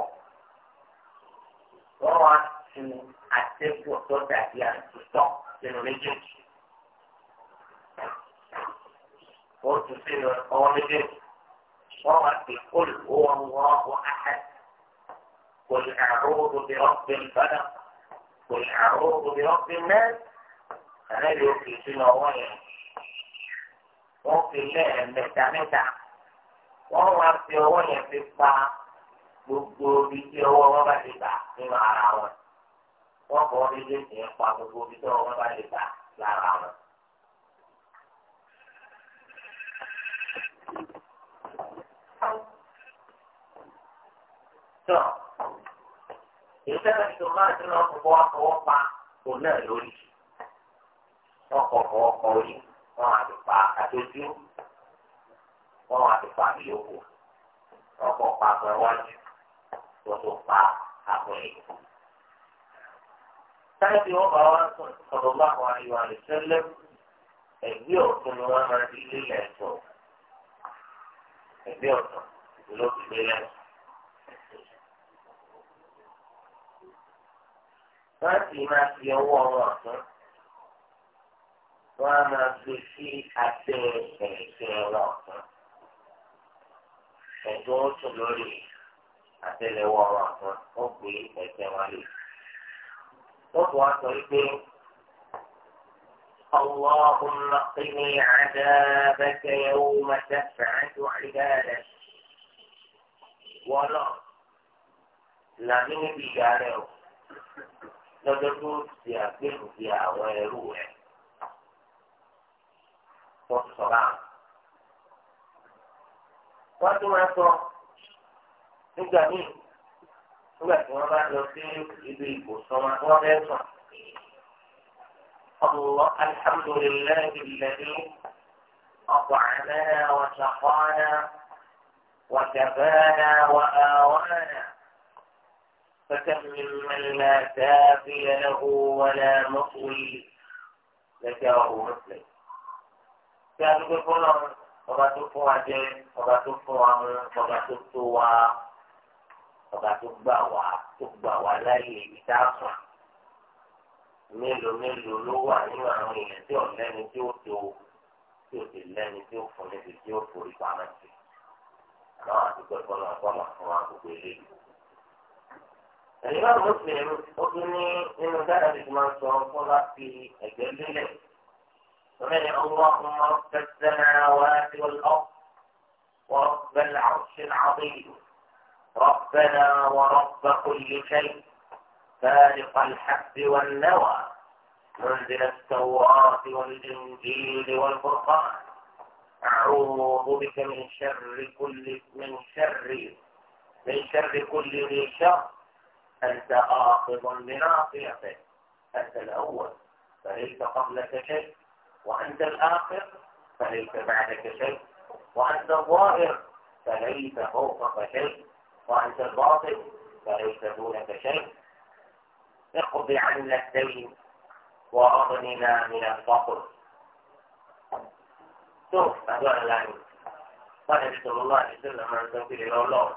wọ́n wá tu àtẹ́kù tó dàbí àtúntọ́ sínú méjèèjì. wọ́n tu sínú ọwọ́ méjèèjì. wọ́n wá ti kólù owó wọn wọ́n áhà. قل أعوذ برب الفلق قل أعوذ برب الناس àlẹ́lẹ́ òkè sínú ọwọ́ yẹn wọ́n fi lẹ́ẹ̀mẹ́ta mẹ́ta wọ́n wá fi ọwọ́ yẹn fi pa gbogbo ibi tí ọwọ́ wọn bá lè gbà nínú ara wọn wọ́n kọ́ méjèèjì yẹn pa gbogbo ibi tí ọwọ́ wọn bá lè gbà lára wọn. tọ́ ìṣẹ́lẹ̀ tó máa ń lọ fọwọ́ fọwọ́ pa òun náà lórí wọn kọ fọwọ́ kọ orí wọn àti pa àtọ́jú wọn àti pa ìyókù wọn pa àpò iwájú wọn tó pa àpò ẹ̀yìn. sáyẹ́ǹsì wọn bá wọn sọ̀rọ̀ láwọn àríwá rẹ̀ tẹ́lẹ̀ ẹ̀gbẹ́ ọ̀tún ni wọ́n máa di lílẹ̀ ẹ̀tọ́ ẹ̀gbẹ́ ọ̀tún ló ti gbé lẹ́yìn. wọ́n máa fi ọwọ́ wọn ọ̀tún. wọ́n á máa fi sí abẹ́ ẹ̀kẹ́ wọn kan. ẹ̀dùn ó tún lórí àtẹ́lẹwọ́ wọn kan ó gbé ẹ̀kẹ́ wọn lè. wọ́n tún wá sọ pé اللهم قني عذابك يوم تبعث عبادك ولا لا من بيجاره لا تقول يا بنت يا ويروح wọ́n sọ báà. wọ́n tún máa sọ nígbà míì nígbà tí wọ́n bá lọ sí ibi ìbùsùn wọn wọ́n fẹ́ الله الحمد لله الذي أطعمنا وسقانا وكفانا وآوانا فكم ممن لا كافي له ولا مقوي ذكره مسلم tí a dúpẹ́ fún náà ọba tó fún wa jẹ ọba tó fún wa mú ọba tó tó wa ọba tó gbà wá tó gbà wá láyé ìdáàbò mélòó mélòó ló wà nínú àwọn èèyàn tí ò lẹ́ni tí ó tó tí ò sì lẹ́ni tí ó fún níbi tí ó forí pamọ́ sí àmọ́ àdúgbò ìfọ́nà ọ̀pọ̀lọ̀ fún wa gbogbo eléyìí. ẹ̀yìn náà mùsùlùmí ó tún ní nínú dáadáa tí wọ́n sọ fún wa fi ẹ̀gbẹ́ lélẹ̀. سمع اللهم رب السماوات والأرض ورب العرش العظيم ربنا ورب كل شيء فالق الحب والنوى منزل التوراة والإنجيل والفرقان أعوذ بك من شر كل من شر من شر كل ذي شر أنت آخذ بناصيته أنت الأول فليس قبلك شيء وأنت الآخر فليس بعدك شيء وأنت الظاهر فليس فوقك شيء وأنت الباطن فليس دونك شيء اقض عنا الدين وأغننا من الفقر شوف هذا الآن قال صلى الله عليه وسلم أن تنفيذ إلى الله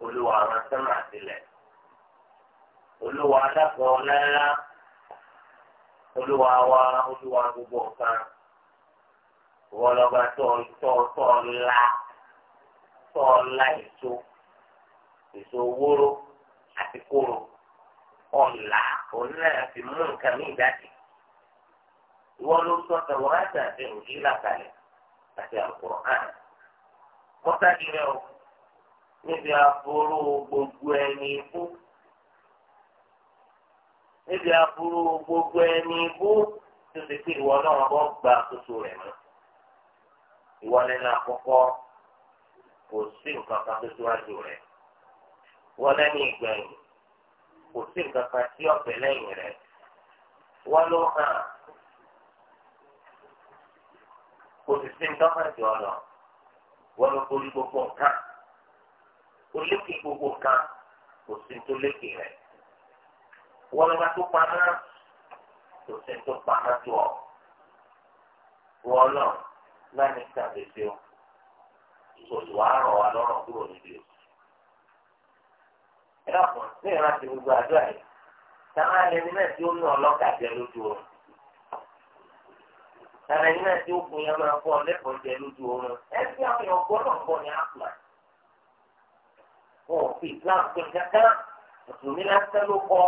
قلوا ما سمعت الله قلوا على قولنا olúwa wa olúwa gbogbo nǹkan wọ́n lọ́ba tọ́ tọ́ la tọ́ la èso èso wóró àti kóró ọ̀la òun náà fi mú nǹkan mí jáde ìwọ ló sọ tẹ̀wọ́n àti àti òjì làkàlẹ̀ àti àkùrọ̀ hàn kọ́tà ìrẹ́ o níbi àbúrò gbogbo ẹni fún níbi aburú gbogbo ẹni bú tó ti pé ìwọ náà bọ́ gba àkóso rẹ̀ mọ́. ìwọ lẹ́nu àkọ́kọ́ kò sí nǹkan kan tó síwájú rẹ̀. ìwọ lẹ́nu ìgbẹ̀yìn kò sí nǹkan kan tí ọ̀fẹ́ lẹ́yìn rẹ̀. ìwọ ló hàn kò sì sí nǹkan kan jọ lọ. ìwọ ló borí gbogbo nǹkan. olókè gbogbo nǹkan kò sí tó lékè rẹ̀ wọ́n lọ́ba tó pamọ́ kò sí tó pamọ́ tó ọ. wọ́n lọ láti ṣàbẹ̀sẹ̀ o kò sì wá rọ̀ wá lọ́rọ̀ kúrò níbi o. ẹ lọ́kùn ní ìrántí gbogbo àdúrà yìí táwọn ẹni náà tí ó ní ọlọ́kà jẹ lójú oorun tàbí ẹni náà tí ó kun yẹn máa kọ́ lẹ́kọ̀ọ́ jẹ lójú oorun ẹ ti àwọn èèyàn gbọ́dọ̀ gbọ́ ní àpà wọn ò fi Islam pín kankan mùsùlùmí lásán ló kọ́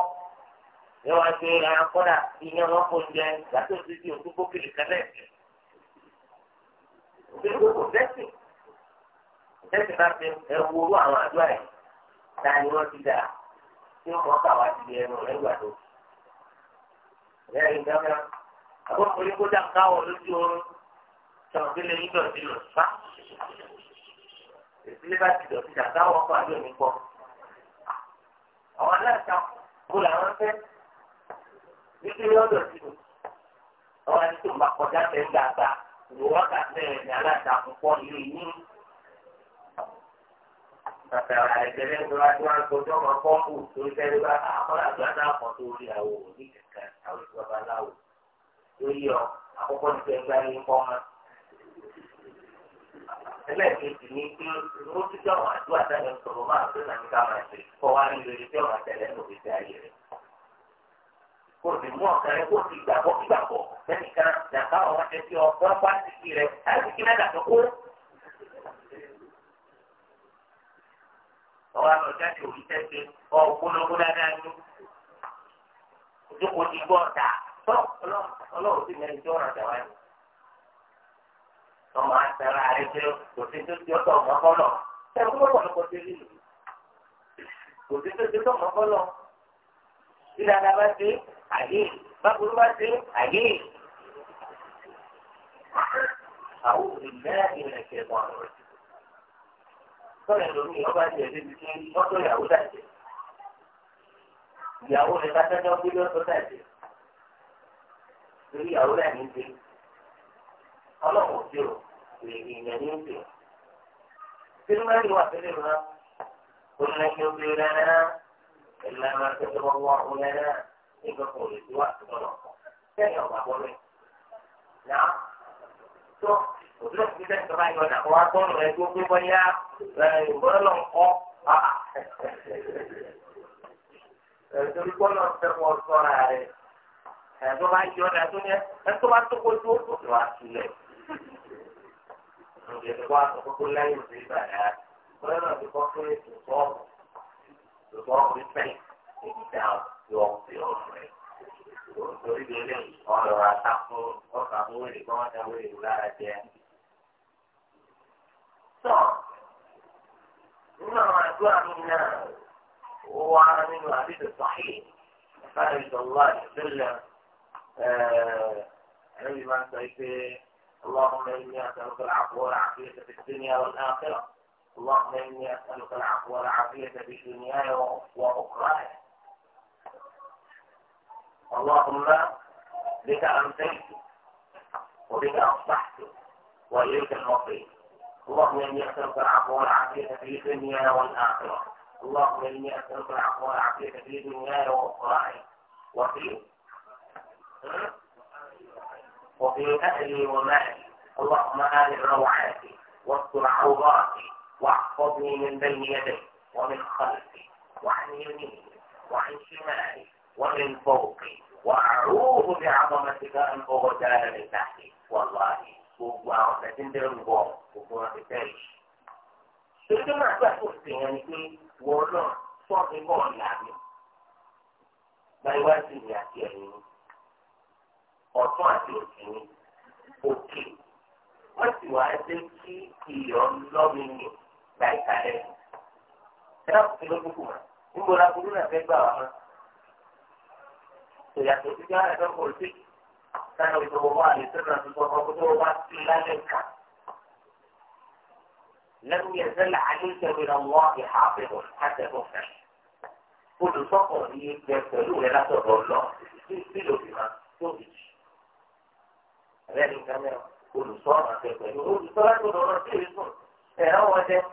yóò wá ṣe ẹran kọ́dà ìyẹn wọn kò jẹ gbàtò sí ti òkú gbókèlè kẹlẹ́ òkèlè kò tẹ́sì tẹ́sì bá fi ẹwu owó àwọn àdúrà yìí ta ni wọ́n ti dà tí wọ́n kà wá ti ẹnu rẹ̀ gbà tó. ìyá yìí dáná àbọ̀ kò kó dà káwọ̀ lójú oorun sọ̀rọ̀kẹ́lẹ́ yìí dọ̀tí lọ fà. ìdílé bá ti dọ̀tí dà káwọ̀ kọ́ àdúrà mi pọ̀. àwọn aláìsàn kó làwọn fẹ́. títí lọ́dọ̀ tí o ọwọ́ ẹni tó máa kọjá tẹ̀ ń dàgbà lò wọ́tà ní ìgbẹ́lẹ́ tó wá tó wá gbọ́dọ̀ máa pọ́ǹpù tó ń bá àkọ́lá àgbàdo àkọ́ tó rí àwọn òní kẹ̀kẹ́ àwọn ìjọba aláwọ̀. Lórí ọ, àkọ́kọ́ ti fẹ́ gbá yín mọ́. Ẹlẹ́ẹ̀kejì ni pé ó ti àdúrà sọ̀rọ̀ máa ká máa ṣe kọ́ wá ní tí kó o sì mú ọ̀kan rẹ kó o sì gbàgbọ́ gbàgbọ́ lẹ́nìkan nàka ọ̀rọ̀ ẹ ti ọ̀pọ̀ pàṣípì rẹ láti kí náà dàgbọ́ kó. ọwọ́ àlọ́ jáde òbí tẹ́sí ọ gbólógbó dáadáa ní ìjókòó ti gbọ́ ọ̀tà tó ọlọ́run sì mẹ́rin tí ó ràn dàwa ni. ọmọ àtàrà rẹ jẹ́ òsì tó ti ọ̀tọ̀ ọmọ kọ́ lọ. ṣé ẹ tí dáadáa bá ṣe àyè báburú bá ṣe àyè. àwọn òṣèlú ìrìn ẹ̀kẹ́ mọ́ ọ̀rọ̀ sọ̀rọ̀ lórí ọba jẹ̀ débi kí wọ́n tó ìyàwó dàjẹ́ ìyàwó rẹ̀ bá tẹ́jọ́ bílíọ̀nù tó dàjẹ́ torí ìyàwó rẹ̀ ní í ṣe ọlọ́run ti rò èèyàn ní í ṣe. sínú mẹ́rin wà sílẹ̀ mọ́ òun lẹ́yìn obìnrin rẹ̀ náà. إلا ما كتب الله لنا يقول الدواء تبرع ثاني الله قوله نعم tó òtún ti dẹ́n tó bá yọ ọ̀dà kó wá tó ọ̀rọ̀ ẹgbẹ́ pé bóyá ìwọ́n lọ ń kọ́ kọ́ lọ fẹ́ kọ́ sọ́ra rẹ̀ ẹ̀dọ́ bá yọ ọ̀dà tó yẹ ẹ̀tọ́ bá tó kojú ó tó wá sílẹ̀ òjò ìdìbò àtọ̀kọ́kọ́ lẹ́yìn òsè ìbàdàn wọ́n the wrong respect is down your field. Torí bí eléyìí, ọ̀rọ̀ àtàkùn ọkà wéèrè kí wọ́n dáwé ìlú lára jẹ. Sọ nínú àwọn àdúrà mi náà, ó wá nínú àdéhùn sàhí, láti ìdọ̀lá ìdílé ẹ̀ẹ́dì máa ń sọ pé اللهم إني أسألك العفو والعافية في الدنيا والآخرة اللهم إني أسألك العفو والعافية في دنياي وأخراي اللهم بك أمسيت وبك أصبحت وإليك المصير اللهم إني أسألك العفو والعافية في دنياي والآخرة اللهم إني أسألك العفو والعافية في دنياي وأخراي وفي وفي أهلي ومالي اللهم آل روعاتي واستر عوراتي واحفظني من بين يدي ومن خلفي وعن يميني وعن شمالي ومن فوقي وأعوذ بعظمتك أن أغتال من تحتي والله gbogbo àwọn ọ̀sẹ̀ tí ń dẹ́rù bọ̀ gbogbo wọn ti tẹ̀lé. Ṣèjú máa gbà tó ti yẹn ni pé wọ́n náà sọ mi bọ̀ làmì. Báyọ̀wájú ni àti ẹ̀yìn Ọ̀tún àti òsì ni. Òkè. Wọ́n sì wá dé kí ìyọ̀ lọ́mi yìí. ka ìkàlẹ̀ rẹ̀. ẹ̀rọ kìí ló dúkù mọ́ níbo la burú náà fẹ́ gbà wá mọ́. ìyàtọ̀ sí jẹ́ àrẹ fẹ́ pọ̀lìtì sáyẹn ìṣòwò wà lè sẹ́nu àti sọ́kọ́ kó tó wá sí lálẹ́ kà. lẹ́nu yẹn sẹ́lẹ̀ àdéhùn ìrìn àwọn ìhàbẹ̀rọ̀ àtẹ̀bọ̀ fẹ́. olùsọ́kọ̀ ni ìgbẹ́ pẹ̀lú rẹ̀ látọ̀dọ̀ lọ sí lòdì máa tó ìjì. ẹ̀rẹ́ ni kámẹ́rà olùsọ́ àtẹ̀pẹ̀lú olùsọ́ látọ̀dọ̀ lọ sí ìrìn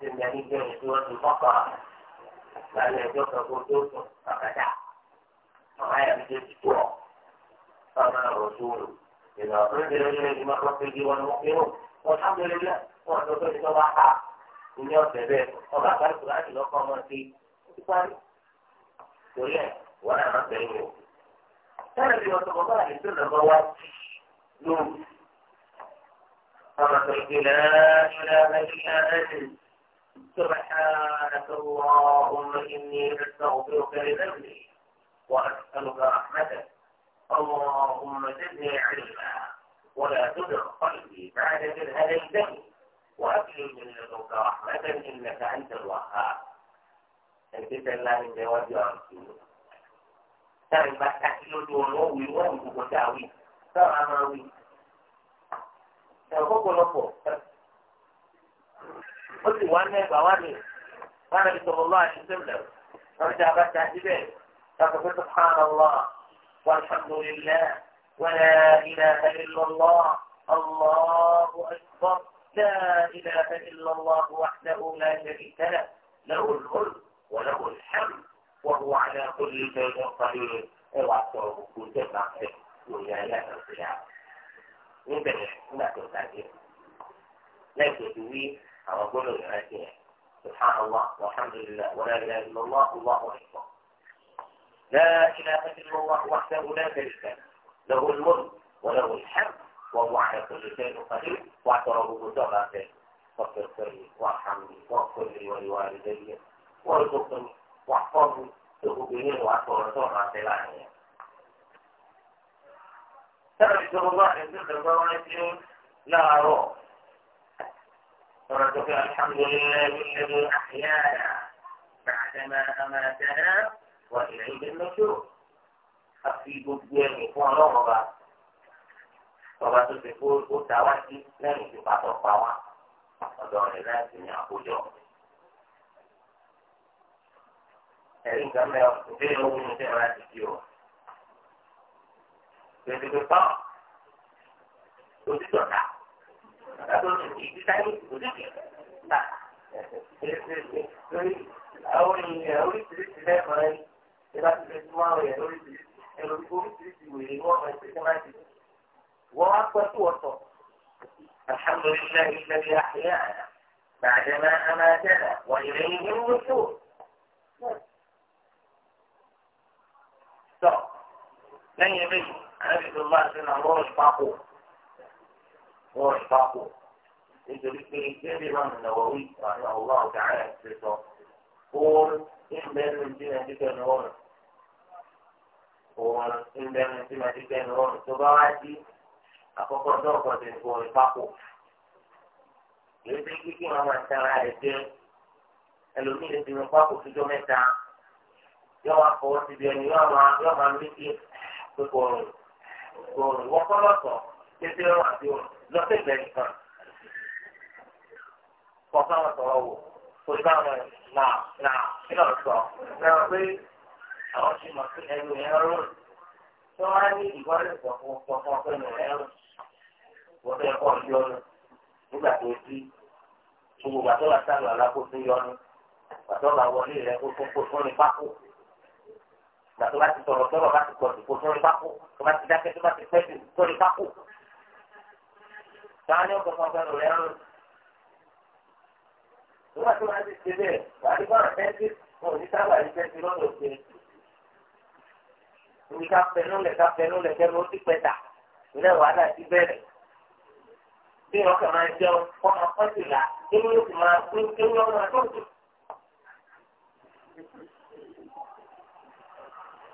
ṣe ní ẹni jẹ́ ìṣú ọdún mọ́kànlá lálẹ́ ẹjọ́ kan kó tó sùn kàkàdà àwọn àyà méjèèjì tó ọ̀ ọ̀nà òṣùwòrò ìlà oúnjẹ lórílẹ̀ ìgbìmọ̀ akọ́kẹ́gì wọn mú kí wọn sábẹ́ lórílẹ̀ wọn lọ bẹ́ẹ̀ tó bá ká ìní ọ̀sẹ̀ bẹ́ẹ̀ ọba àgbàlùkù láti lọ́kọ́ wọn sí i parí torí ẹ̀ wọn náà má bẹ̀rẹ̀ wò. sẹ́yìn bí ọ̀sọ̀ bàbá àti tó lọ́kọ́ wá sí lóru. ọmọ tó ìgbìlẹ̀ rẹ̀ سبحانك اللهم إني أستغفرك لذنبي وأسألك رحمتك اللهم زدني علما ولا تدر قلبي بعد إذ هديتني وأكرم من لدنك رحمة إنك أنت الوهاب أنت الله من جواب رسوله táwọn ìgbà takilo tó wọn wọn wí wọn wí gbogbo ó sì wá mẹ́fà wá mi wá mi sọ̀rọ̀ lọ́wọ́ àti sẹ́lẹ̀ wọ́n ti àbá ta síbẹ̀ kàkó pé sọ̀hánà lọ́ wàlhàmdùlilá wàlá ilà ilàlọ́ allahu akbar لا إله إلا الله وحده لا شريك له له الملك وله الحمد وهو على كل شيء قدير اوعى تقول كنت بعد ويا لا القيامة níbẹ̀ nígbà tó ta dé lẹ́gbẹ̀ẹ́ ti wí على gbọ́dọ̀ yẹn سبحان الله والحمد لله ولا إله إلا الله الله أكبر لا إله إلا الله وحده لا شريك له الملك وله الحمد وهو على كل شيء قدير واعترف بذراته فاغفر لي وارحمني واغفر لي ولوالدي وارزقني واحفظني تغبني لا إله ترى الله عز وجل لا أراه وربك الحمد لله الذي أحيانا بعدما أماتنا وإليه النشور أفي بدين إخوان رغبة ọba tó ti kó ó ta wá sí lẹ́yìn tó pàtó pa wá ọ̀dọ̀ rẹ̀ láti ní àkójọ. ẹ̀rí nǹkan mẹ́ọ̀ ìbéèrè owó ní sẹ́wọ̀n láti di o. pèsè pé òtítọ́ ta àtàkùn òkè ìdísáyé òdìkì gbà lórí àwọn èèyàn oríṣiríṣi lẹ́ẹ̀kan rẹ̀ ìbá ti fẹ́ tún àwọn èèyàn oríṣiríṣi ẹ̀rọ oríṣiríṣi wèrè wọ́n máa ṣe kí wọ́n ti wọ́n wá pẹ́ tó ọ̀tọ̀ alhamdulilayi lẹ́yìn àyà bàdàmà àmàdàmà wọ́n yẹn ní wọ́tò. tọ́ lẹ́yìn eléyìí àrẹ́bí bá a nà lọ́rùn pákó wọ́n rìn pákó nítorí pé bẹ́ẹ̀ máa nà wọ́n wí àwọn ọ̀wá ọ̀gá rẹ̀ ti sọ oorun ìbẹ́nu tí wọ́n ti tẹnu ọ̀rùn oorun ìbẹ́nu tí wọ́n ti tẹnu ọ̀rùn tó bá wá sí àkọ́kọ́ dọ́ọ̀kọ́ ti ń borin pákó èyí tí kíkí wọn máa tara rẹ̀ jẹ́ ẹlòmíì lè ti rìn pákó fújọ́ mẹ́ta yóò wá fọwọ́ síbi ẹni yóò máa yóò máa mí kí pé oorun oorun wọ́n kọ́ lọ́sọ̀ọ́ àti oorun lọ́sẹ̀ ìgbẹ́ nìkan kọ́ sáwọn sọ̀rọ̀ wò kò sí báwọn nà nà kí lọ sọ lọ́wọ́ pé àwọn ti mọ̀ sí ẹrù ẹrù tí wọ́n á ní ìwádìí ìsọ̀fún ọ̀pọ̀ ọ̀pọ̀ ẹ̀rù wọ́n fẹ́ kọ́ ìyọnu nígbà tó ti gbogbo gbàtó la sálọ alákòóso yọnu gbàtó la wọlé rẹ kó tó kó bá ti sọ̀rọ̀ sọ̀rọ̀ bá ti pọ̀ sí kó tó pákó tó bá ti dákẹ́ tó bá ti pẹ́ sí kó ní pákó sáà ní ọkọ̀ kan fẹ́ràn rẹ̀ rán. Nígbà tí wọ́n ti ṣe bẹ́ẹ̀, wàá rí báwọn fẹ́ǹsì wọn ò ní sábà rí fẹ́ǹsì lọ́dọ̀ ṣe. Omi ká fẹnú lẹ̀ ká fẹnú lẹ̀ kẹ́nu ó ti pẹ̀tà. Ìlẹ̀ wàhálà ti bẹ̀rẹ̀. Bí wọ́n kàn máa jẹun, wọ́n máa pọ́n sí là, kéwọ́n yóò sì máa pín kéwọ́n ọmọ tó ń tún.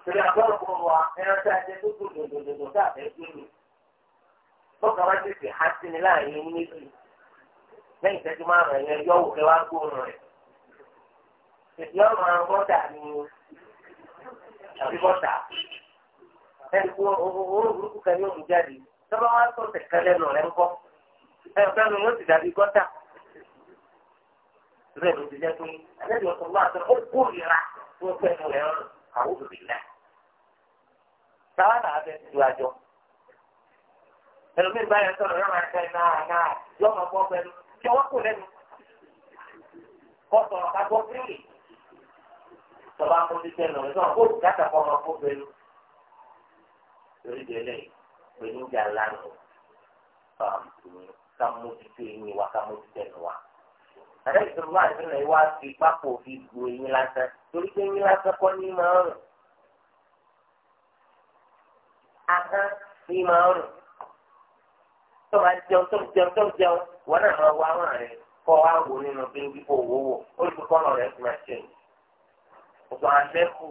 Ìrìn àgbọ̀rọ̀ kò wà ẹran tí a jẹ tó kù dòdòdòdò káàkiri tọ́ka bá tètè há sí ni láàyè méjì lẹ́yìn ìtẹ́jú márùn ẹ̀yẹ yọ̀wò kẹ́ wá gbóòórùn rẹ̀. Èdè ọ̀rọ̀ àwọn bọ́dà ni àbí bọ́dà. Ẹni kú oorun burúkú kan yóò mú jáde. Tọ́ba wá sọ tẹ̀kẹ́ lẹ́nu rẹ̀ ń kọ́. Ẹ ọ̀gá mi yóò ti dàbí gọ́tà. Bẹ́ẹ̀ ló ti jẹ́ pé Adébí ọ̀sán wà sọ ó kú ìra tó ń pẹ́ rẹ̀ rán àwọn òbí náà. Táwa náà fẹ́ ẹlòmíì bá yẹn sọ̀rọ̀ yọ̀ọ́ máa tẹ náà náà yọ̀ọ́ máa bọ́ pẹ̀lú kí ọwọ́ kò lẹ́nu kọ́ sọ̀rọ̀ ká gbọ́ fíìlì tọ́ba kó ti tẹ̀ lọ́wọ́ sọ̀rọ̀ kó dáta kọ́ máa kó pẹ̀lú lórí ìdílé pẹ̀lú ìjà lánàá ká mú títí eyín wa ká mú títí ẹnu wa. Àdéhùn ìṣòro wà nínú ìwà fi ní máa ń rùn. Ahọ́n ní máa ń rùn tó máa jẹun tó jẹun tó jẹun wọn náà máa wá wọn rẹ kọ́ wá wò nínú bí wí kó wò wò ó lè kọ́ ọ̀rọ̀ fún ẹ ọ̀pọ̀ àlẹ́kù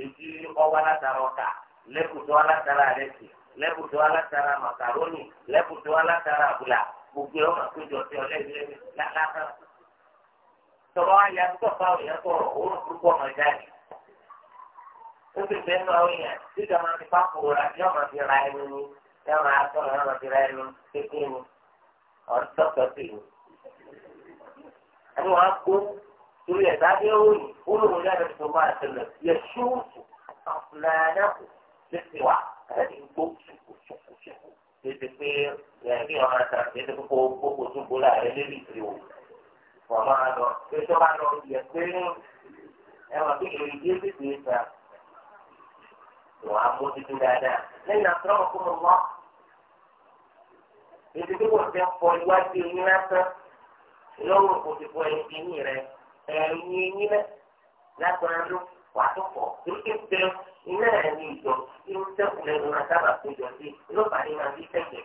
èyí ọwọ́ látara ọkà lẹ́kù tó wá látara rẹ màkàrónì lẹ́kù tó àbúlà gbogbo ọmọ àpéjọ tí ọlẹ́yìn lásán. ó sì fẹ́ẹ́ náà ó tí ìjọba ti fà kúrò láti ọmọ fi ra ẹni ní ṣé wọn máa tọrọ náà wọn ti rẹ ẹnu kékeré ni wọn tọkọ sí i ẹni wọn kó torí ẹ sáà dé òòyì olóhùn náà lọsọ máa tẹ́lẹ̀ yẹ ṣóòtù àfúnáná kù títí wà láti gbó ṣùkùṣùkùṣùkù tètè pé ẹbí wọn máa tà tètè kókó gbogbo tó gbó láàrin lórí ìrì o wọn máa lọ pé tó bá lọ yẹ pé ẹwọn tó yẹ ìdí ètò ìgbésà wọn mú títí dáadáa lẹ́yìn àtúrọ̀ kó mọ wọn èdè tí wọ́n fẹ́ fọ iwájú eyín lásán lọ́wọ́ kò ti fọ eyín rẹ ẹ̀yìn eyín náà lásán ló wà tó fọ lókè pé iná ẹ̀ ní ìjọ tí ó sẹ́kù lẹ́nu náà sábà péjọ sí lọ́pàá ní máa fi sẹ́kẹ̀.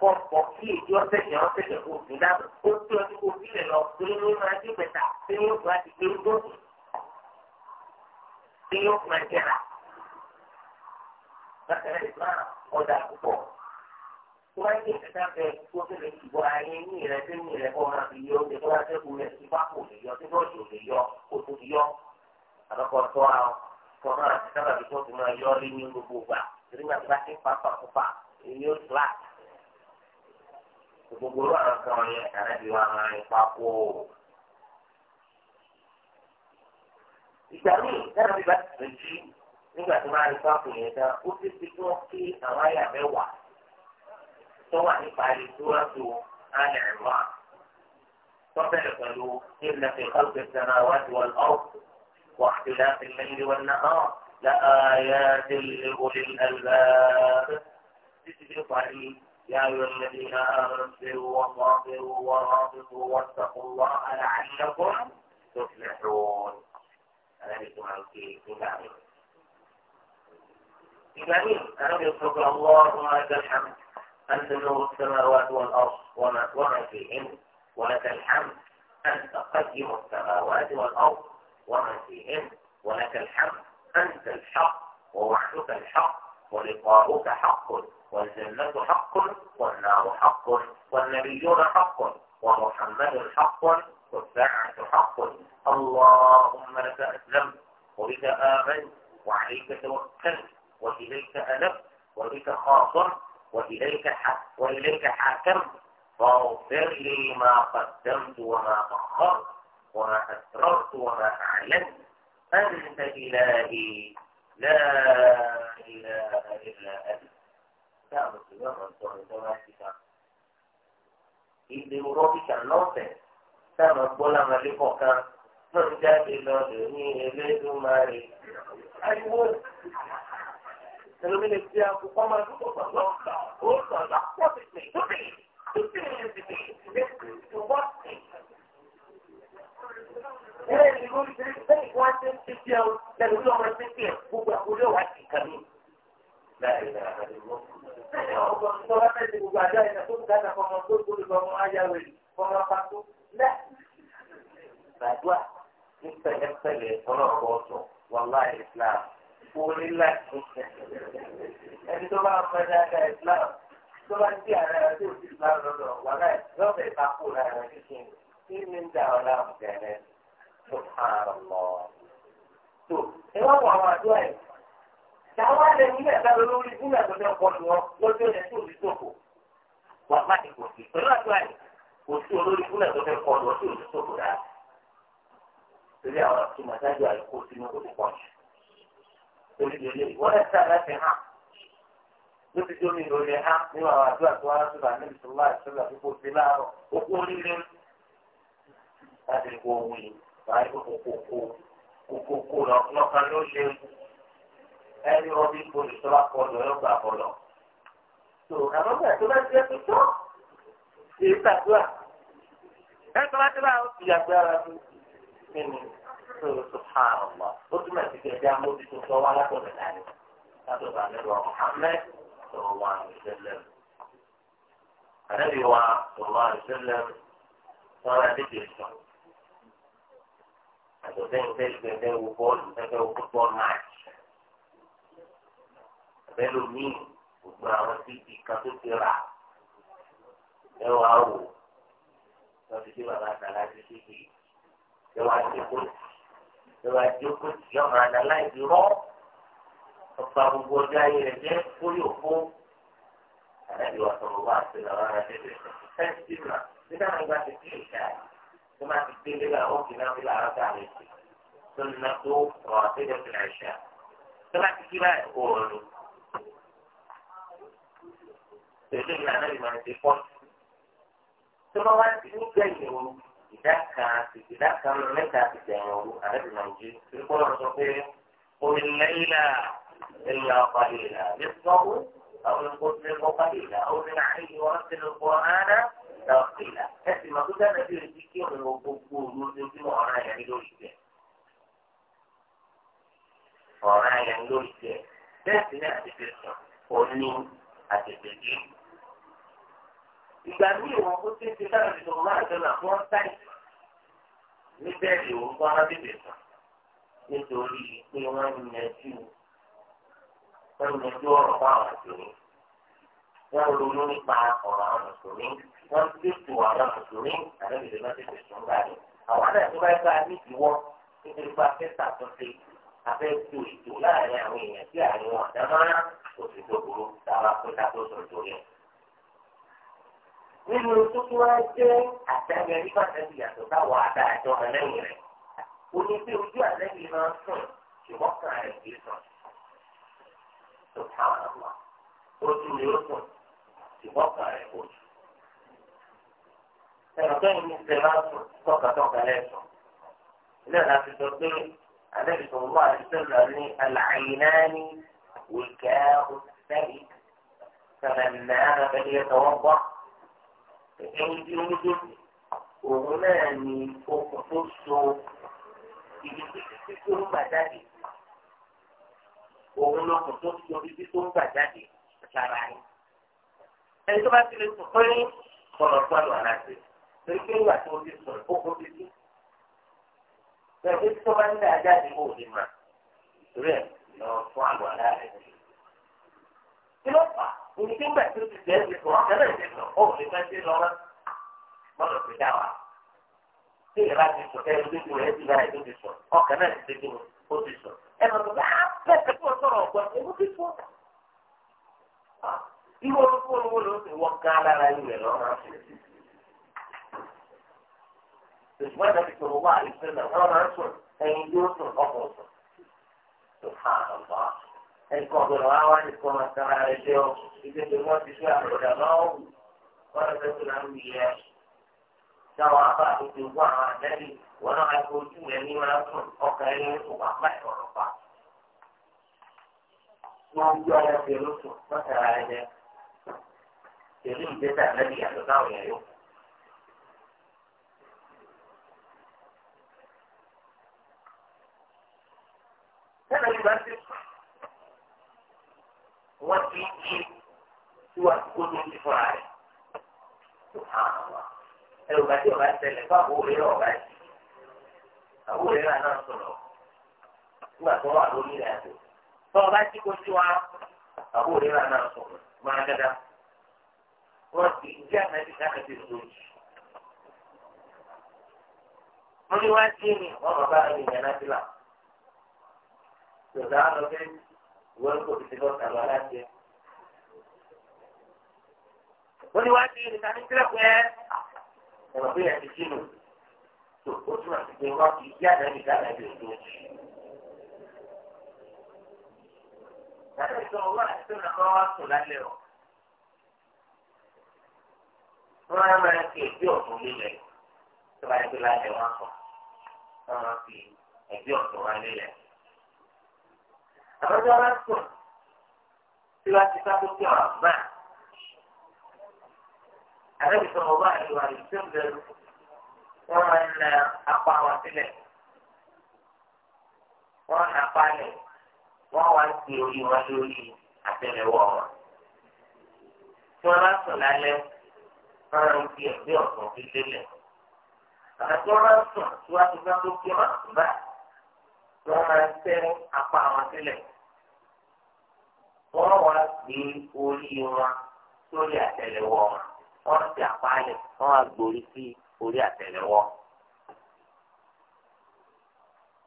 Kọ̀pọ̀ kí èdè ọ̀sẹ̀kẹ̀ ọ̀sẹ̀kẹ̀ kò sí dáàbò ó tí ọtí kò sílẹ̀ lọ pé ní máa dé pẹ̀tà pé ní oṣù àti pé ní oṣù tó bá yẹ kẹta fẹ kó tó lè tìbọ ayé ní rẹ tó ní rẹ kó máa fi yọ oúnjẹ tó bá sẹ́kù rẹ tí bá kò lè yọ tí bọ́ọ̀sì ò lè yọ kó tó fi yọ àbẹ́kọ̀ tó a kọ́ máa ti sábà bí tó fi máa yọ lé ní gbogbo ìgbà torí máa ti bá ti pàpà púpà èyí ó ti láà gbogbo ló àwọn kan yẹn kàrẹ́ bí wọ́n máa ń pa kó ìgbà míì dára bí bá ti tẹ̀ jí nígbà tó máa ń pa tó wà nípa ìdúràtò àlẹ́ ìwà tọ́bẹ̀rẹ̀ pẹ̀lú ìlànà ìkọ́lùkẹ́ sẹ́nà wájú wọn ọ́ واختلاف الليل والنهار لآيات لأولي الألباب تتبطني يا أيها الذين آمنوا اصبروا وصابروا ورابطوا واتقوا الله لعلكم تفلحون ذلكم في كتابه إذا أنا يصدق الله هذا الحمد أنت نور السماوات والأرض وما, وما فيهن ولك الحمد أنت قيم السماوات والأرض ومن فيهن ولك الحمد أنت الحق ووعدك الحق ولقاؤك حق والجنة حق والنار حق والنبيون حق ومحمد حق والساعة حق اللهم لك أسلمت وبك آمنت وعليك توكلت وإليك أنبت وبك خاصمت وإليك وإليك حاكم فاغفر لي ما قدمت وما أخرت وما أسررت وما أعلنت أنت إلهي لا إله إلا أنت كان مسلمان أنتم أنتم ìdè ní ẹlòmí lè fi àpò kọ́ máa dúró pọ̀ lọ ó sọ lọ pọ̀ tètè tóbi tóbi tètè lè fi tó wá sí. Ilé ìlú ní ṣe bẹ́ẹ̀ wá ṣe ń ṣe bí ẹ lẹ́nu tí ọmọ ẹgbẹ́ tiẹ̀ gbogbo àkórí ọ̀wá ti kà mí. Bẹ́ẹ̀ni ọgbọ̀n tó wá fẹ́ ṣe gbogbo àjọ ìdá tó ń dáná fọmọ tó gbóni fọmọ ayáwé fọmọ apátó. Bàdúrà ní pẹ̀lẹ́pẹ̀lẹ́ ọlọ́run bọ̀ sọ wàhálà ìsìlámù orí ńlá ẹni tó bá fẹ́ dáadáa islam tó bá ti ara rẹ̀ tó ti islam lọ́dọ̀ wà náà yóò fẹ́ bá kó ra rẹ̀ kíkìn kí ni ń da ọ̀la ọ̀gẹ̀rẹ̀ tó hàn lọ. tó ẹ wá wọ àwọn àdúrà yìí táwọn alẹ́ nílẹ̀ dábẹ́ lórí nígbà tó fẹ́ kọlu wọn lọ́jọ́ yẹn tó ti sòkò wà má ti kò pẹ̀lú àdúrà yìí kò sí olórí nígbà tó fẹ́ kọlu wọn tó ti sòkò dáa torí lélẹ̀ wọ́n lè sá láti hàn ló ti dómi ìròyìn hàn nínú àwọn àdúrà tó wá sọ̀rọ̀ àníbi sọ̀rọ̀ àti sọ̀rọ̀ àti kò sí láàárọ̀ ó oríire láti kó ohun yìí wàá kó kó kó kó kó lọ́kàn ló ṣe ẹni ọdún ìfòlù tó bá kọ lọ yọgbà kọ tó àwọn ọgbà tó bá jẹ́ tuntun èyí tàdúrà ẹ̀ tó bá tó bá ó ti yàgbé ara tó nínú. سبحان الله قلتم استجابة موتكم سوى لكم الآن هذا عن محمد صلى الله عليه وسلم النبي صلى الله عليه وسلم صار ذكر الشهر àtọ̀tẹ́yìn fẹ́ gbẹ fẹ́ wo bọ́ọ̀lù fẹ́ fẹ́ wo football match. Abẹ́lò míì gbogbo àwọn tíìtì kan tó ti rà ẹ wá wò wọ́n ti dé bàbá àtàlà ti ṣe kí ẹ wá ṣe kó lù. ìwà ìjókòó tí yọ máa dá láìsí rọ ọ̀pá gbogbo ọjọ́ ayé rẹ̀ jẹ́ kórè òfó àdájọ́ ọ̀sọ̀rọ̀ wà sí ọ̀rọ̀ ara tẹ̀lé fẹ́ǹsì mà nígbà wọn gba ti kí ìṣá tó máa ti gbé lébà ó kì náà nílà ara tààrẹ sí tó ní náà tó rọ̀ àtẹ́jọ́ ti rà ìṣá tó bá ti kí báyìí kó o rò pẹ̀lú ìlànà ìmọ̀ ẹ̀sìn pọ́ọ̀tù tó bá wá sí nígbà ìdá kan àti ìdá kan mẹ́ta àti ìdẹ̀yìn òru àdàbí nàìjí torípọ̀ náà sọ pé omi lẹ́yìnlá ẹ̀yà ọ̀pàdé ìlà ní sọ́kù àwọn olùkọ́sílẹ̀ ọ̀pàdé ìlà omi àìyí wọn ti lè kọ́ ara ọ̀pàdé ìlà ẹ̀sìn màtó dáná bí ojú kí òun wọ gbogbo òru ojoojúmọ́ ọ̀rá yẹn lórí tẹ̀. ọ̀rá yẹn lórí tẹ̀ bẹ́ẹ̀ sì ni àtẹ̀tẹ̀ sùn ìgbà míì wọn kó tí ń ti sára ti sọ̀rọ̀ máa jọlọ àfọwọ́ táì níbẹ̀ ni òun kọ́ ara bèbè sàn nítorí pé wọ́n ń yanjú wọ́n ń yanjú ọ̀rọ̀ fún àwọn àtòní wọ́n ń ronú nípa ọ̀rọ̀ àwọn mùsùlùmí wọ́n ń tètò àwọn mùsùlùmí àdébìdè náà tètè sùn báyìí àwọn àdáyé tó bá gbá ní ìwọ́ nítorí pé afẹ́ta tó ṣe afẹ́ tó ètò láàrin àwọn èèyàn sí àárín wọn dáná òsì tó burú tààrà pé ká tó sùn torí ẹ̀ nínú tó tún wá jẹ́ àtàgbẹ nípa àtàgbẹ yàtọ̀ táwọn àdáàjọ ẹlẹ́yìn rẹ̀ o ní pé ojú àtàgbẹ máa ń sùn ṣùgbọ́n kan rẹ̀ kì í sùn tó táwọn àwọn ojú rẹ̀ ó sùn ṣùgbọ́n kan rẹ̀ kò sùn. ẹ̀rọ kẹ́yìn ní ṣe máa sùn tọkàtọkà lẹ́sùn ilé ìlànà ti sọ pé àtàgbẹ wà àdìsẹ́lẹ̀ ní àlàyénáni wìkẹ́ ọ̀sẹ́yìn kàmẹ́nà ẹ̀ẹ́dì oúnjẹ òun náà ni okùn tó so ibi títí tó ń gbà jáde òun lọkùn tó so ibi tó ń gbà jáde sára yìí. ẹni tó bá ti lè sùn pé kọlọ̀kọlọ̀ aláṣẹ torí pé ìwà tó ti sùn okùn ti tú. bẹ́ẹ̀ pé tó bá ń dà jáde kó lè mà rẹ̀ lọ fún àgbàlá rẹ̀. kí ló fà á? òní tí gbà tí ó ti bẹ́ẹ̀ lẹ́kọ̀ọ́ wọn kẹ́lẹ́ ìdí lọ ó fẹ́ sí lọ́wọ́ wọn lọ sí dá wa tí ìyá ti sọ ẹ lójú rẹ ti báyìí ló ti sọ ọkẹ náà ti dégbò ó ti sọ ẹ lọ bá ah, bẹ́ẹ̀ tó sọ̀rọ̀ ọ̀gbọ́n ẹ ló ti sọ. Ah, irú olóko olówó ló ti wọ́n gán lára irú lọ́wọ́ máa ń sùn ẹ̀yin yóò sùn ọkọ̀ sùn ẹnìkan ọ̀gbọ̀nà wa wá nìkan máa tara rẹ̀ jẹ́ ọ ibi tó wọ́n ti fẹ́ àbọ̀dà máa ń wù wọ́n lọ fẹ́ tó náà ń wù yẹ. táwọn afá àtúntò wọ àwọn àtẹ́lì wọn náà á fojú rẹ̀ ní máa fún ọkàn ẹni tó wà pa ìrọ̀rọ̀ pa. wọ́n ń gbé ọyọ́ pẹ̀lú sùn wọ́n tara rẹ̀ jẹ́ pẹ̀lú ìgbésẹ̀ àlẹ́ wọ́n ti yí síwájú kó tó ti fúnra rẹ̀. ẹ̀rù bàtí ọ̀gá tẹ̀lé fún àwọn òwe ọ̀gá yìí. àwọn òwe náà náà sọ̀rọ̀ nígbà tó wà lórí rẹ̀ àjò. tó ọba tí kò sí wa àwọn òwe náà náà sọ̀rọ̀ máa dáadáa. wọ́n ti ìdí àgbàdì káàkiri ti sọ jù. mo ní wá ni wọ́n bàbá mi yẹn náà ti là. Sọ̀dá lọ fẹ́ẹ́ ìwọ ní kò tètè lọ sàlọ aláṣẹ. wọ́n ní wáá di ìrìnà ní sílẹ̀kùn ẹ̀ ẹ̀rọ pé ẹ̀sìn kí nù tó ó tún àti pé wọ́n fi yá àdáni dáná ibi òdo. Láti sọ owó àti tó nà máa wá sùn lálẹ́ o. Wọ́n á máa fi èdè ọ̀tún lílẹ̀ tó bá yẹ kó lálẹ́ wọn sùn. Wọ́n máa fi èdè ọ̀tún wá lílẹ̀ àbájọ bá sùn tí wàá ti sáfún sí ọ̀rọ̀ àbá àrẹ́bí sọ̀rọ̀ bá ìwà ìṣẹ́ǹdẹ̀rù wọ́n máa ń na apá wọn sílẹ̀ wọ́n na palẹ̀ wọ́n wá sí orí wọn lórí àtẹ́lẹwọ́ wọn. tí wọ́n bá sùn lálẹ́ wọ́n máa ń fi ẹ̀gbẹ́ ọ̀sán fi lélẹ̀ àti wọ́n tí wàá ti sáfún sí ọ̀rọ̀ àbá wọ́n máa ń tẹ́ apá wọn sílẹ̀ wọ́n wá gbé orí wọn sórí àtẹ́lẹwọ́ wọn wọ́n ti apá lẹ̀ wọ́n á gbórí sí orí àtẹ́lẹwọ́.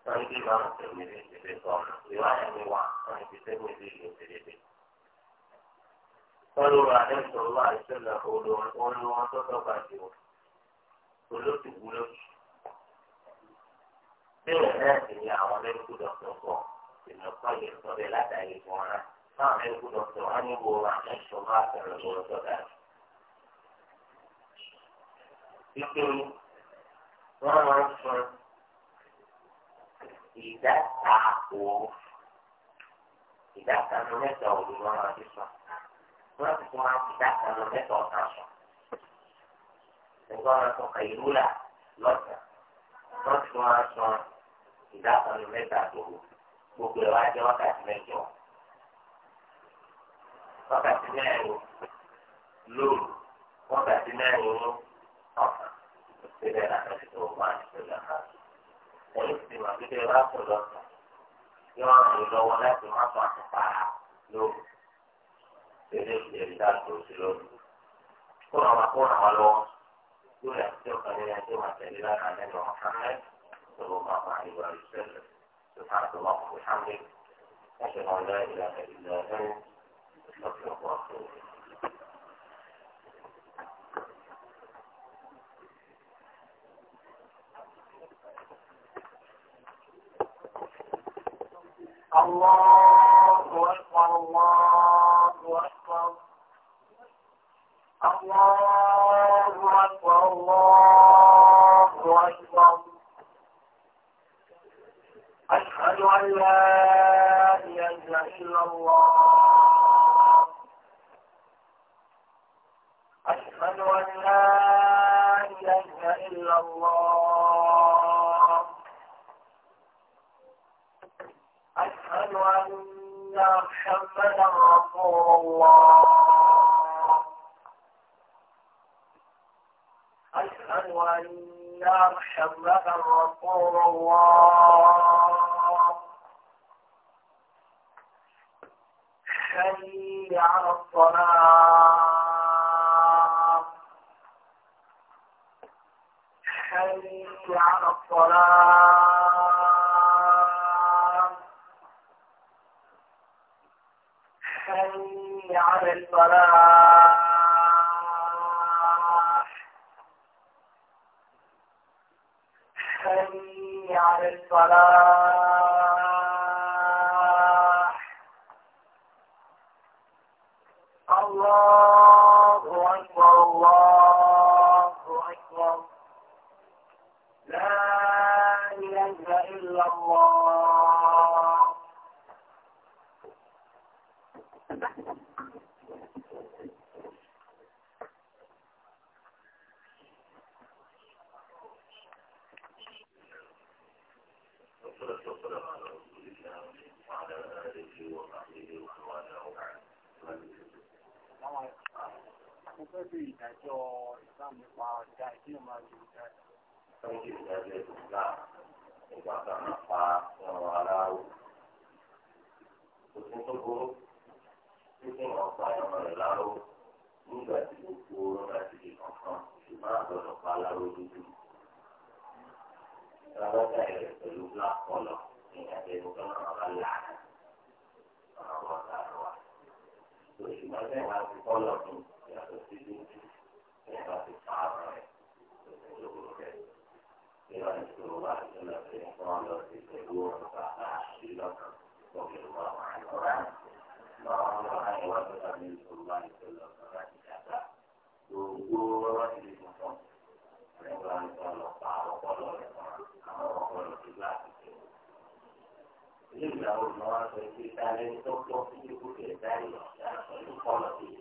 wọ́n ti máa ń tẹ̀lé ìdílé sọ̀rọ̀ ìwádìí mi wá wọ́n ti tẹ́lẹ̀ ìdílé ìdílé. wọ́n lóra àdéhùn àìsàn náà olùwọ́n tó tọ́ka sí o olóṣèlú bẹ́ẹ̀ náà sì ni àwọn mẹ́ríkù dọ́kítọ̀ sọ ìmọ̀tọ́ yẹ sọ bẹ́ẹ̀ látàrí fún wa náà mẹ́ríkù dọ́kítọ̀ wọn ní wo àwọn ìṣòro àfẹ́rẹ́ lọ́wọ́ sọ́dà. Ike wọn máa ń fún ìdáta òru ìdáta ní mẹ́ta òru wọn máa fi sọ. Wọ́n ti fún wa ìdáta ní mẹ́ta ọ̀tá sọ. Ẹ̀gbọ́n wọn sọ wọ́n ti wọ́n san ìdákanu mẹ́ta tòru gbogbo ẹ̀ wá jẹ́ wákàtí mẹ́jọ. wákàtí mẹ́rin lóru wákàtí mẹ́rin ní ọ̀sán síbẹ̀ láti ṣe tó wá ìṣẹ̀lẹ̀ náà. ẹ̀yìn ti mọ̀ pé bẹ́ẹ̀ bá sùn lọ́sàn yọ ọ̀ràn yìí lọ́wọ́ láti má sùn àtùpà lóru. eré ìjẹ̀rí dáàbò sí lóru. kó محمد صلى الله عليه وسلم سبحانك اللهم أشهد أن لا إله إلا أنت أستغفرك الله أكبر الله أكبر الله أكبر الله أكبر أشهد أن لا إله إلا الله أشهد أن لا إله إلا الله أشهد أن محمدا رسول الله أن وإن محمدا رسول الله حي على الصلاة حي على الصلاة حي على الفلاح حي على الصلاح الله mo fẹ́ bí ìdájọ́ ìsáàmù nípa ọjà ìdí ọmọ àti ìjà. Sọ́yìn ìdájọ́ ìsìlá nípa kàmá pa ọ̀rọ̀ ara o. tó burú tí kí pa ọmọ rẹ̀ nígbà tí gbogbo orun láti di kankan ṣùgbọ́n àgbọ̀dọ̀ pa láró dúdú. Ìgbàlọ́jà rẹ̀ pẹ̀lú black colour ní ìdájọ́ ìgbàlọ́ àwọn aláàánú. Àwọn ọ̀gá rẹ̀ wà. Òṣùgbọ́n máa fi yàtọ̀ sí lójú ẹ̀ bá ti pa ara rẹ̀ lójú rẹ̀. Ìwà ìṣòro wà nílò pé wọ́n lọ sí pẹ̀lú ọ̀rọ̀ bàbá àṣìlọ́kàn lókè wà wà lọ́ra. Lọ́wọ́ lọ́ra ìwà tó tàbí ìṣòro wà nílò lọ́ra ìjàgbá. Gbogbo ọ̀rọ̀ ti di tuntun. Ẹgbẹ́ àìsàn lọ pa ọpọlọ rẹ̀ kan àwọn ọpọlọ ti gbà àtìkè. Ilé ìyàwó ni wọ́n sọ pé dálé tó tọ́ sí ikú kẹ̀ dálé ọ̀dà pẹ̀lú pọ̀lọ̀ bíi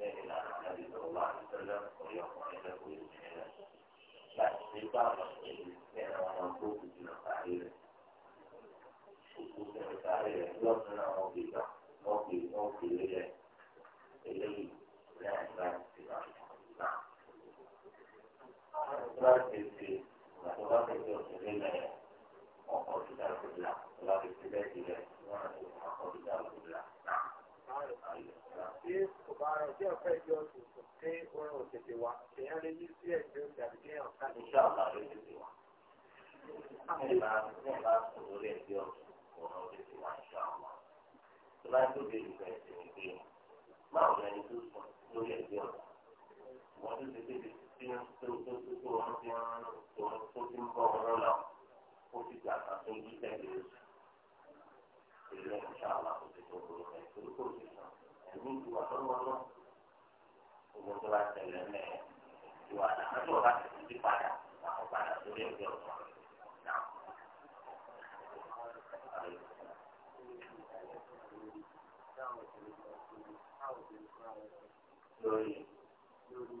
lẹ́yìn ìlànà nàbí sọ̀rọ̀ wà ní sọ́dọ̀ orí ọkùnrin lẹ́kọ̀ọ́ ìṣẹ̀lẹ̀ rẹ̀. Láti ṣe bá àwọn èyí fẹ́ràn àwọn tó kù jùlọ sáré rẹ̀. Òkú fẹ́ràn sáré rẹ̀ lọ́sùn náà wọ́n fi gbà wọ́n fi wọ́n fi lé rẹ̀. Eléyìí náà ní láti ṣe bá ìgbà. Láti ṣe ìgbà tó bá fẹ́ fẹ́ òṣèlú lẹ́yìn ọkọ̀ ìdàgbàsókè bá rẹ̀ bí ọ̀fẹ́ ìjọ òṣèlú pé orin òṣèlú wa èèyàn lè yí sí ẹ̀jẹ̀ òṣèlú àti kéèyàn ká lè ṣe àwọn àrùn òṣèlú wa. àwọn tó bá lórí ẹ̀jẹ̀ ọ̀la wọ́n tó ti débi tí ó tó tó tó tó ti ń tó tó ti ń bọ̀ wọn lọ ó ti tó yí tẹ̀lé oṣù ẹ̀mí ti wà lọ́wọ́ tó bá tẹ̀lé mẹ́ ti wà lọ bá ti ti padà àwọn padà sórí ẹgbẹ́ ọ̀sán náà. lórí lórí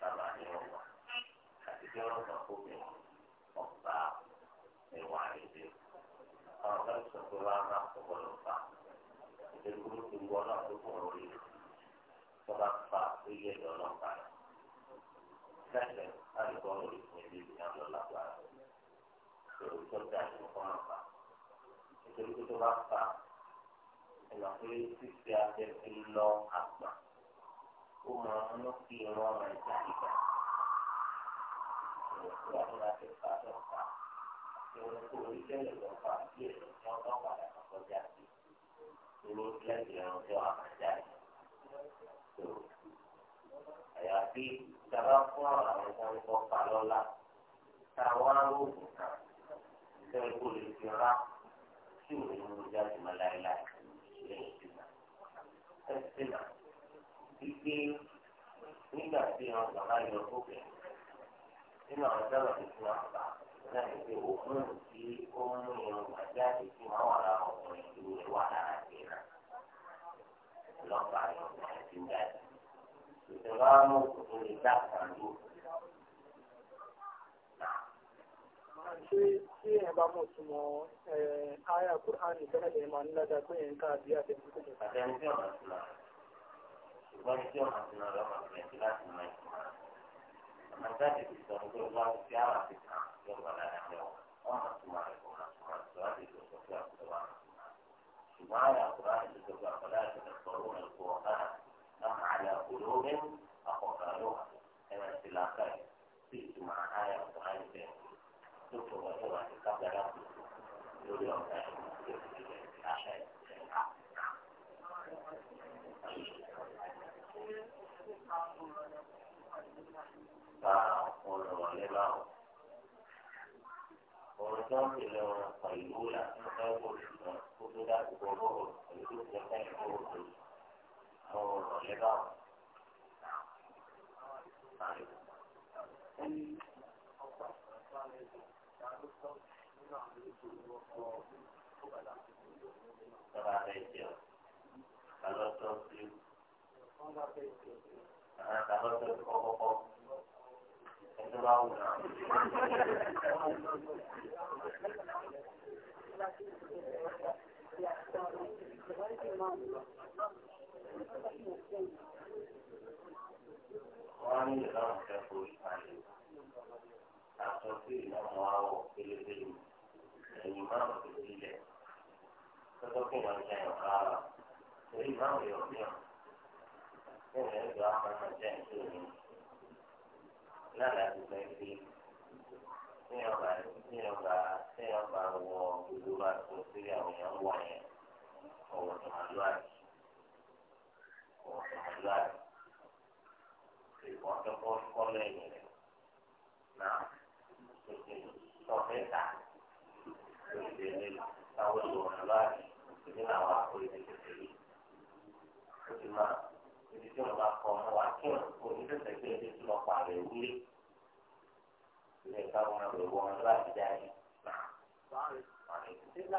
sábà ní ọgbà àti kí wọ́n kàn kó mi ọgbà ìwà èdè àwọn kan sọ pé wọ́n á máa kọ́ bọ́ọ̀lù pa èdè burúkú wọn náà tó kọ̀ lórí tó bá fa iye ìdọ̀lọ́ pa rẹ̀ lẹ́sẹ̀ láti kọ́ lórí fún ilé ìgbìyà lọ lágbára èrò tó dá ìfọ̀kọ́ náà pa nítorí pé tó bá fa ìlànà pé sísè abẹ́ fi lọ àgbà umma no kiro mai tsanika ya kuma ta fata ka ke wani kuri ke da don fa ke da don don ba da ka ko ja ki ni ke da don to a ka ja ki to aya ti da ba ko a mai ta ko fa lola ta wa ru ka ke kuri ke ra ki ni mu ja ki malai lai ne ki na wípé nígbà tí àwọn bàbá yọ òkè nínú àwọn sábà tó ti máa fà náà ní pé òkun tí ó ń mú irun gbàjá àti máa wà lára ọkùnrin tí ó wà lára náà lọ́pàá lè dá kan ṣé ẹ bá ayé àkùrán máa ń ṣùgbọ́n ní tí ọmọ àti náà lọ́mọ gbìyànjú láti mọ ìtumọ̀ ọmọ ìjáde ti sọ pé ó láti fi àwọn àti kan yọ gbọ́dọ̀ àdáni ọ ọmọ túmọ̀ rẹ̀ kò máa túmọ̀ sọ láti tó sọ pé àkùrọ̀ wà ní túmọ̀ ṣùgbọ́n àwọn àkùrọ̀ àti tó sọ pé àkùrọ̀ àti tó sọ ó lọ kó ọ̀gá náà àlẹ́ àkùrọ̀ ó rẹ̀ àkọ̀ọ̀gá ló wà ẹ̀rọ ti láǹkà yìí sí ìtumọ̀ àyà àkùrọ̀ àti bẹ́ẹ̀ tó sọ wọ́n ka ọ̀rọ̀ wọn lẹ́bàá ọ̀rọ̀ tó ń tẹ̀lé ọ̀rọ̀ pẹ̀lú àtúntò bòlù náà kó tó dá gbogbo bòlù pẹ̀lú tó tẹ̀ fẹ́yìn tó o tó àwọn ọ̀rọ̀ lẹ́bàá o. Tọ́ba fẹ́ jẹun, ta lọ́tọ́ sí. Àwọn ta lọ́tọ́ sí kọ́kọ́kọ́ wọ́n ní ìlànà ẹ̀kọ́ ìpàdé àtọ́ sí ìlànà àwọ̀ pélébé ẹ̀yìn márùn-ún tó sílẹ̀ tọ́tọ́ kí wọ́n jẹ́ ọ̀ká ara torí márùn-ún yọ̀ fíà kí wọ́n yẹ kí wọ́n jẹ́ ìṣòro náà láti fẹ́ téèyàn bá wọ gbogbo bá tó sí àwọn èèyàn wà yẹn ọ̀wọ̀ tó máa lọ àti ọ̀wọ̀ tó máa lọ àti ìwọ́n tó kọ́ kọ́ lẹ́yìn rẹ̀ náà tó ti tọ́fẹ́ ta tó ti lè táwọn ìwọ̀n lọ àti nínú àwọn àkóyè kékeré ó ti máa ibi tí wọ́n bá kọ́ ọmọ kí wọ́n kó ní tẹ̀sẹ̀ gbé ẹni tí wọ́n pa rẹ̀ wílé káwọn ọ̀rọ̀ wọn láti dárí. Nígbà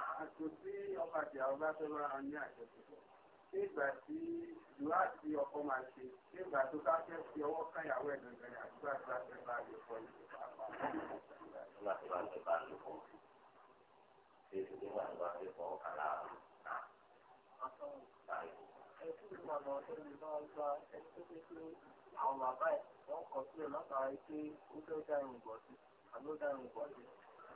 àsìkò tí ọkọ àti àwọn bá fẹ́ máa ní àjọṣepọ̀ nígbà tí ìlú àti ọkọ máa ṣe nígbà tó bá fẹ́ fi ọwọ́ káyàwó ẹ̀ gangan àdúgbò àti bá fẹ́ bá lè kọ́ ní ìpapà. nígbà tí wọ́n ti bá lè kọ́ ṣe é nígbà tí wọ́n ti kọ́ kàrà àwọn bàbá ẹ̀ wọ́n kọ̀ sílẹ̀ látara pé ó fẹ́ dá irun bọ̀ sí àbí ó dá irun bọ̀ sí.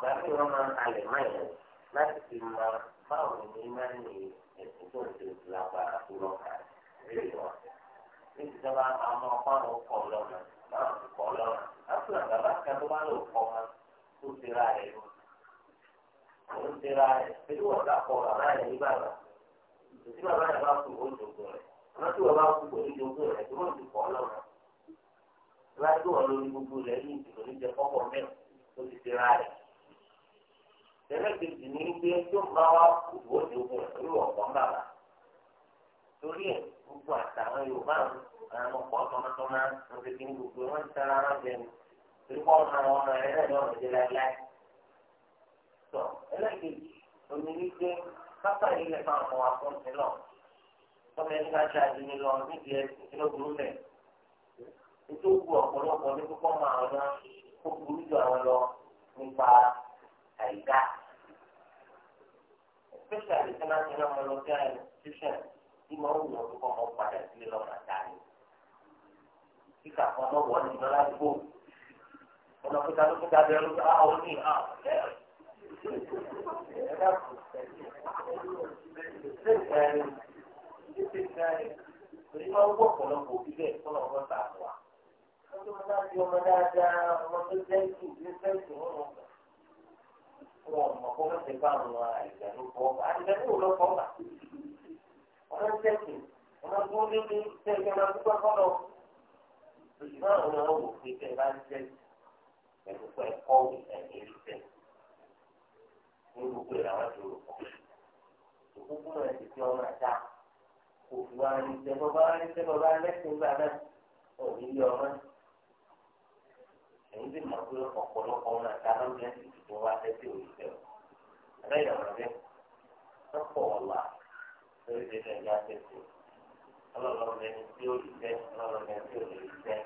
ìgbà tí wọ́n máa ń halẹ̀ máyà láti fi mọ báwo ni máa ń ní ẹ̀sìn tó ń ṣe lágbára tó lọ́ka lè wà. ní ìjọba àwọn ọkọ àwọn ọkọ ọlọ́mọ náà ti kọ ọlọ́mọ láti lọ bàbá kan tó bá lò kọ́ wọn tó ti ra rẹ̀ lọ. òun ti ra rẹ̀ pẹ̀lú ọ̀gá kọ bàbá rẹ̀ ní bàbá. tí bàbá rẹ̀ bá kú òun rẹ̀ wọ́n tí wọ́n bá kú òun rẹ̀ tí wọ́n ti kọ́ ọlọ́mọ. láti wọ́n lórí gbogbo rẹ̀ yìí ìdìbò níjẹ kọ́kọ́ mẹ́rin tó ti ti ra rẹ̀ tẹ́lẹ̀kejì ní pé tó máa wá kúrò lóògùn pẹ̀lú ọ̀pọ̀ bàbà torí ẹ̀ gbogbo àtàwọn yorùbá àwọn ọkọ̀ tọmọtọmọ wọn ti fi gbogbo wọn ti tẹ́lẹ̀ wọn jẹun torí wọn máa wọn máa ẹ̀rẹ́ ní ọ̀rọ̀ ìdílé láì tọ́ ẹlẹ́kejì omi ní pé pápá ilẹ̀ máa mọ àkọsí náà tọ́mọ ẹni bá ṣáájú ní lọ níbi ẹ̀sìn tí ó burú bẹ̀ nítorí ní pípọ́ máa wọn kó burú ju àwọn lọ nípa àyíká especially tí wọ́n ti rán ọmọ lọ sí àyè tíṣẹ̀ tí wọ́n wù ọ́ kó ọmọ padà sílé lọ́mọ àtàlẹ́. Kíkà fún ọmọ wọ́n ní lọ́la gbó. Ọmọ kíkà ló kíkà bẹ́ẹ̀ ló bá ọ ní à. Èyí máa ń wọ́ ọ̀pọ̀lọpọ̀ òbí bẹ́ẹ̀ fún ọmọ ọ̀tà àwa. Wọ́n tó máa ń fi ọmọ dáadáa ní sẹ́ńtì wọn mọ̀ wọn mọ kó má ti bá àwọn àìgbàdo fọwọ́ àìgbàdo ò lọ fọwọ́ bá wọn ń tẹ̀sí wọn ń gbọ́ níbi tẹ̀sí wọn ń gbọ́ kọ́lọ̀ ṣùgbọ́n àwọn ọmọ wò pé tẹ̀ bá ń tẹ̀sí tó wá tẹ́tí òye fẹ́ o ẹ̀rẹ́ ìyàwó rẹ̀ wọ́n pọ̀ wọ́n wá lórí tẹ́tí ẹ̀yà tẹ́tí ọlọ́run ẹni tí ó lè fẹ́ ọlọ́run ẹni tí ó lè fẹ́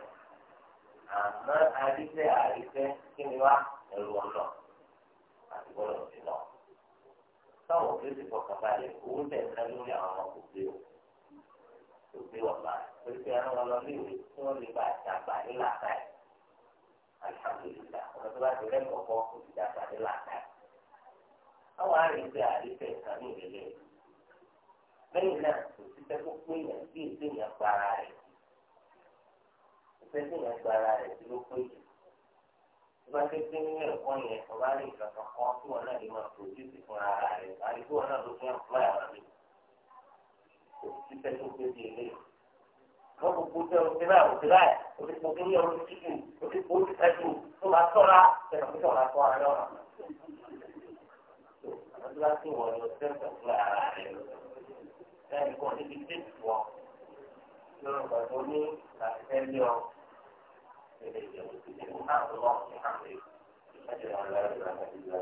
àmọ́ àrífẹ́ àrífẹ́ kí ni wá ẹ̀rù ọ̀nà àti gbọ́dọ̀ sí lọ. táwọn òbí ti fọkàn balẹ̀ owó tẹ̀ ń tẹ́lẹ̀ lórí àwọn ọmọ kò o kò gbé pé àwọn alihamdulilayi ọ̀nà tó bá ti rẹ́ kọ̀ọ̀kan àwọn àárín pé àríkẹ́ nǹkan ní náà kò sí ló yẹn ọba rí wọ́n gbogbo jẹ́ òsì náà òsì náà òsì gbogbo ní ọdún títù òsì gbogbo ẹ̀dùn tó máa tọ́ra ẹ̀rọ tó máa tọ́ ara náà. Àdúrà sí wọ̀ lọ sẹ́ńtà fún ara rẹ̀ lẹ́yìn kan níbi tí wọ́n yóò gbàgbọ́ ní àtẹ́lẹ́ ọ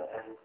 إليه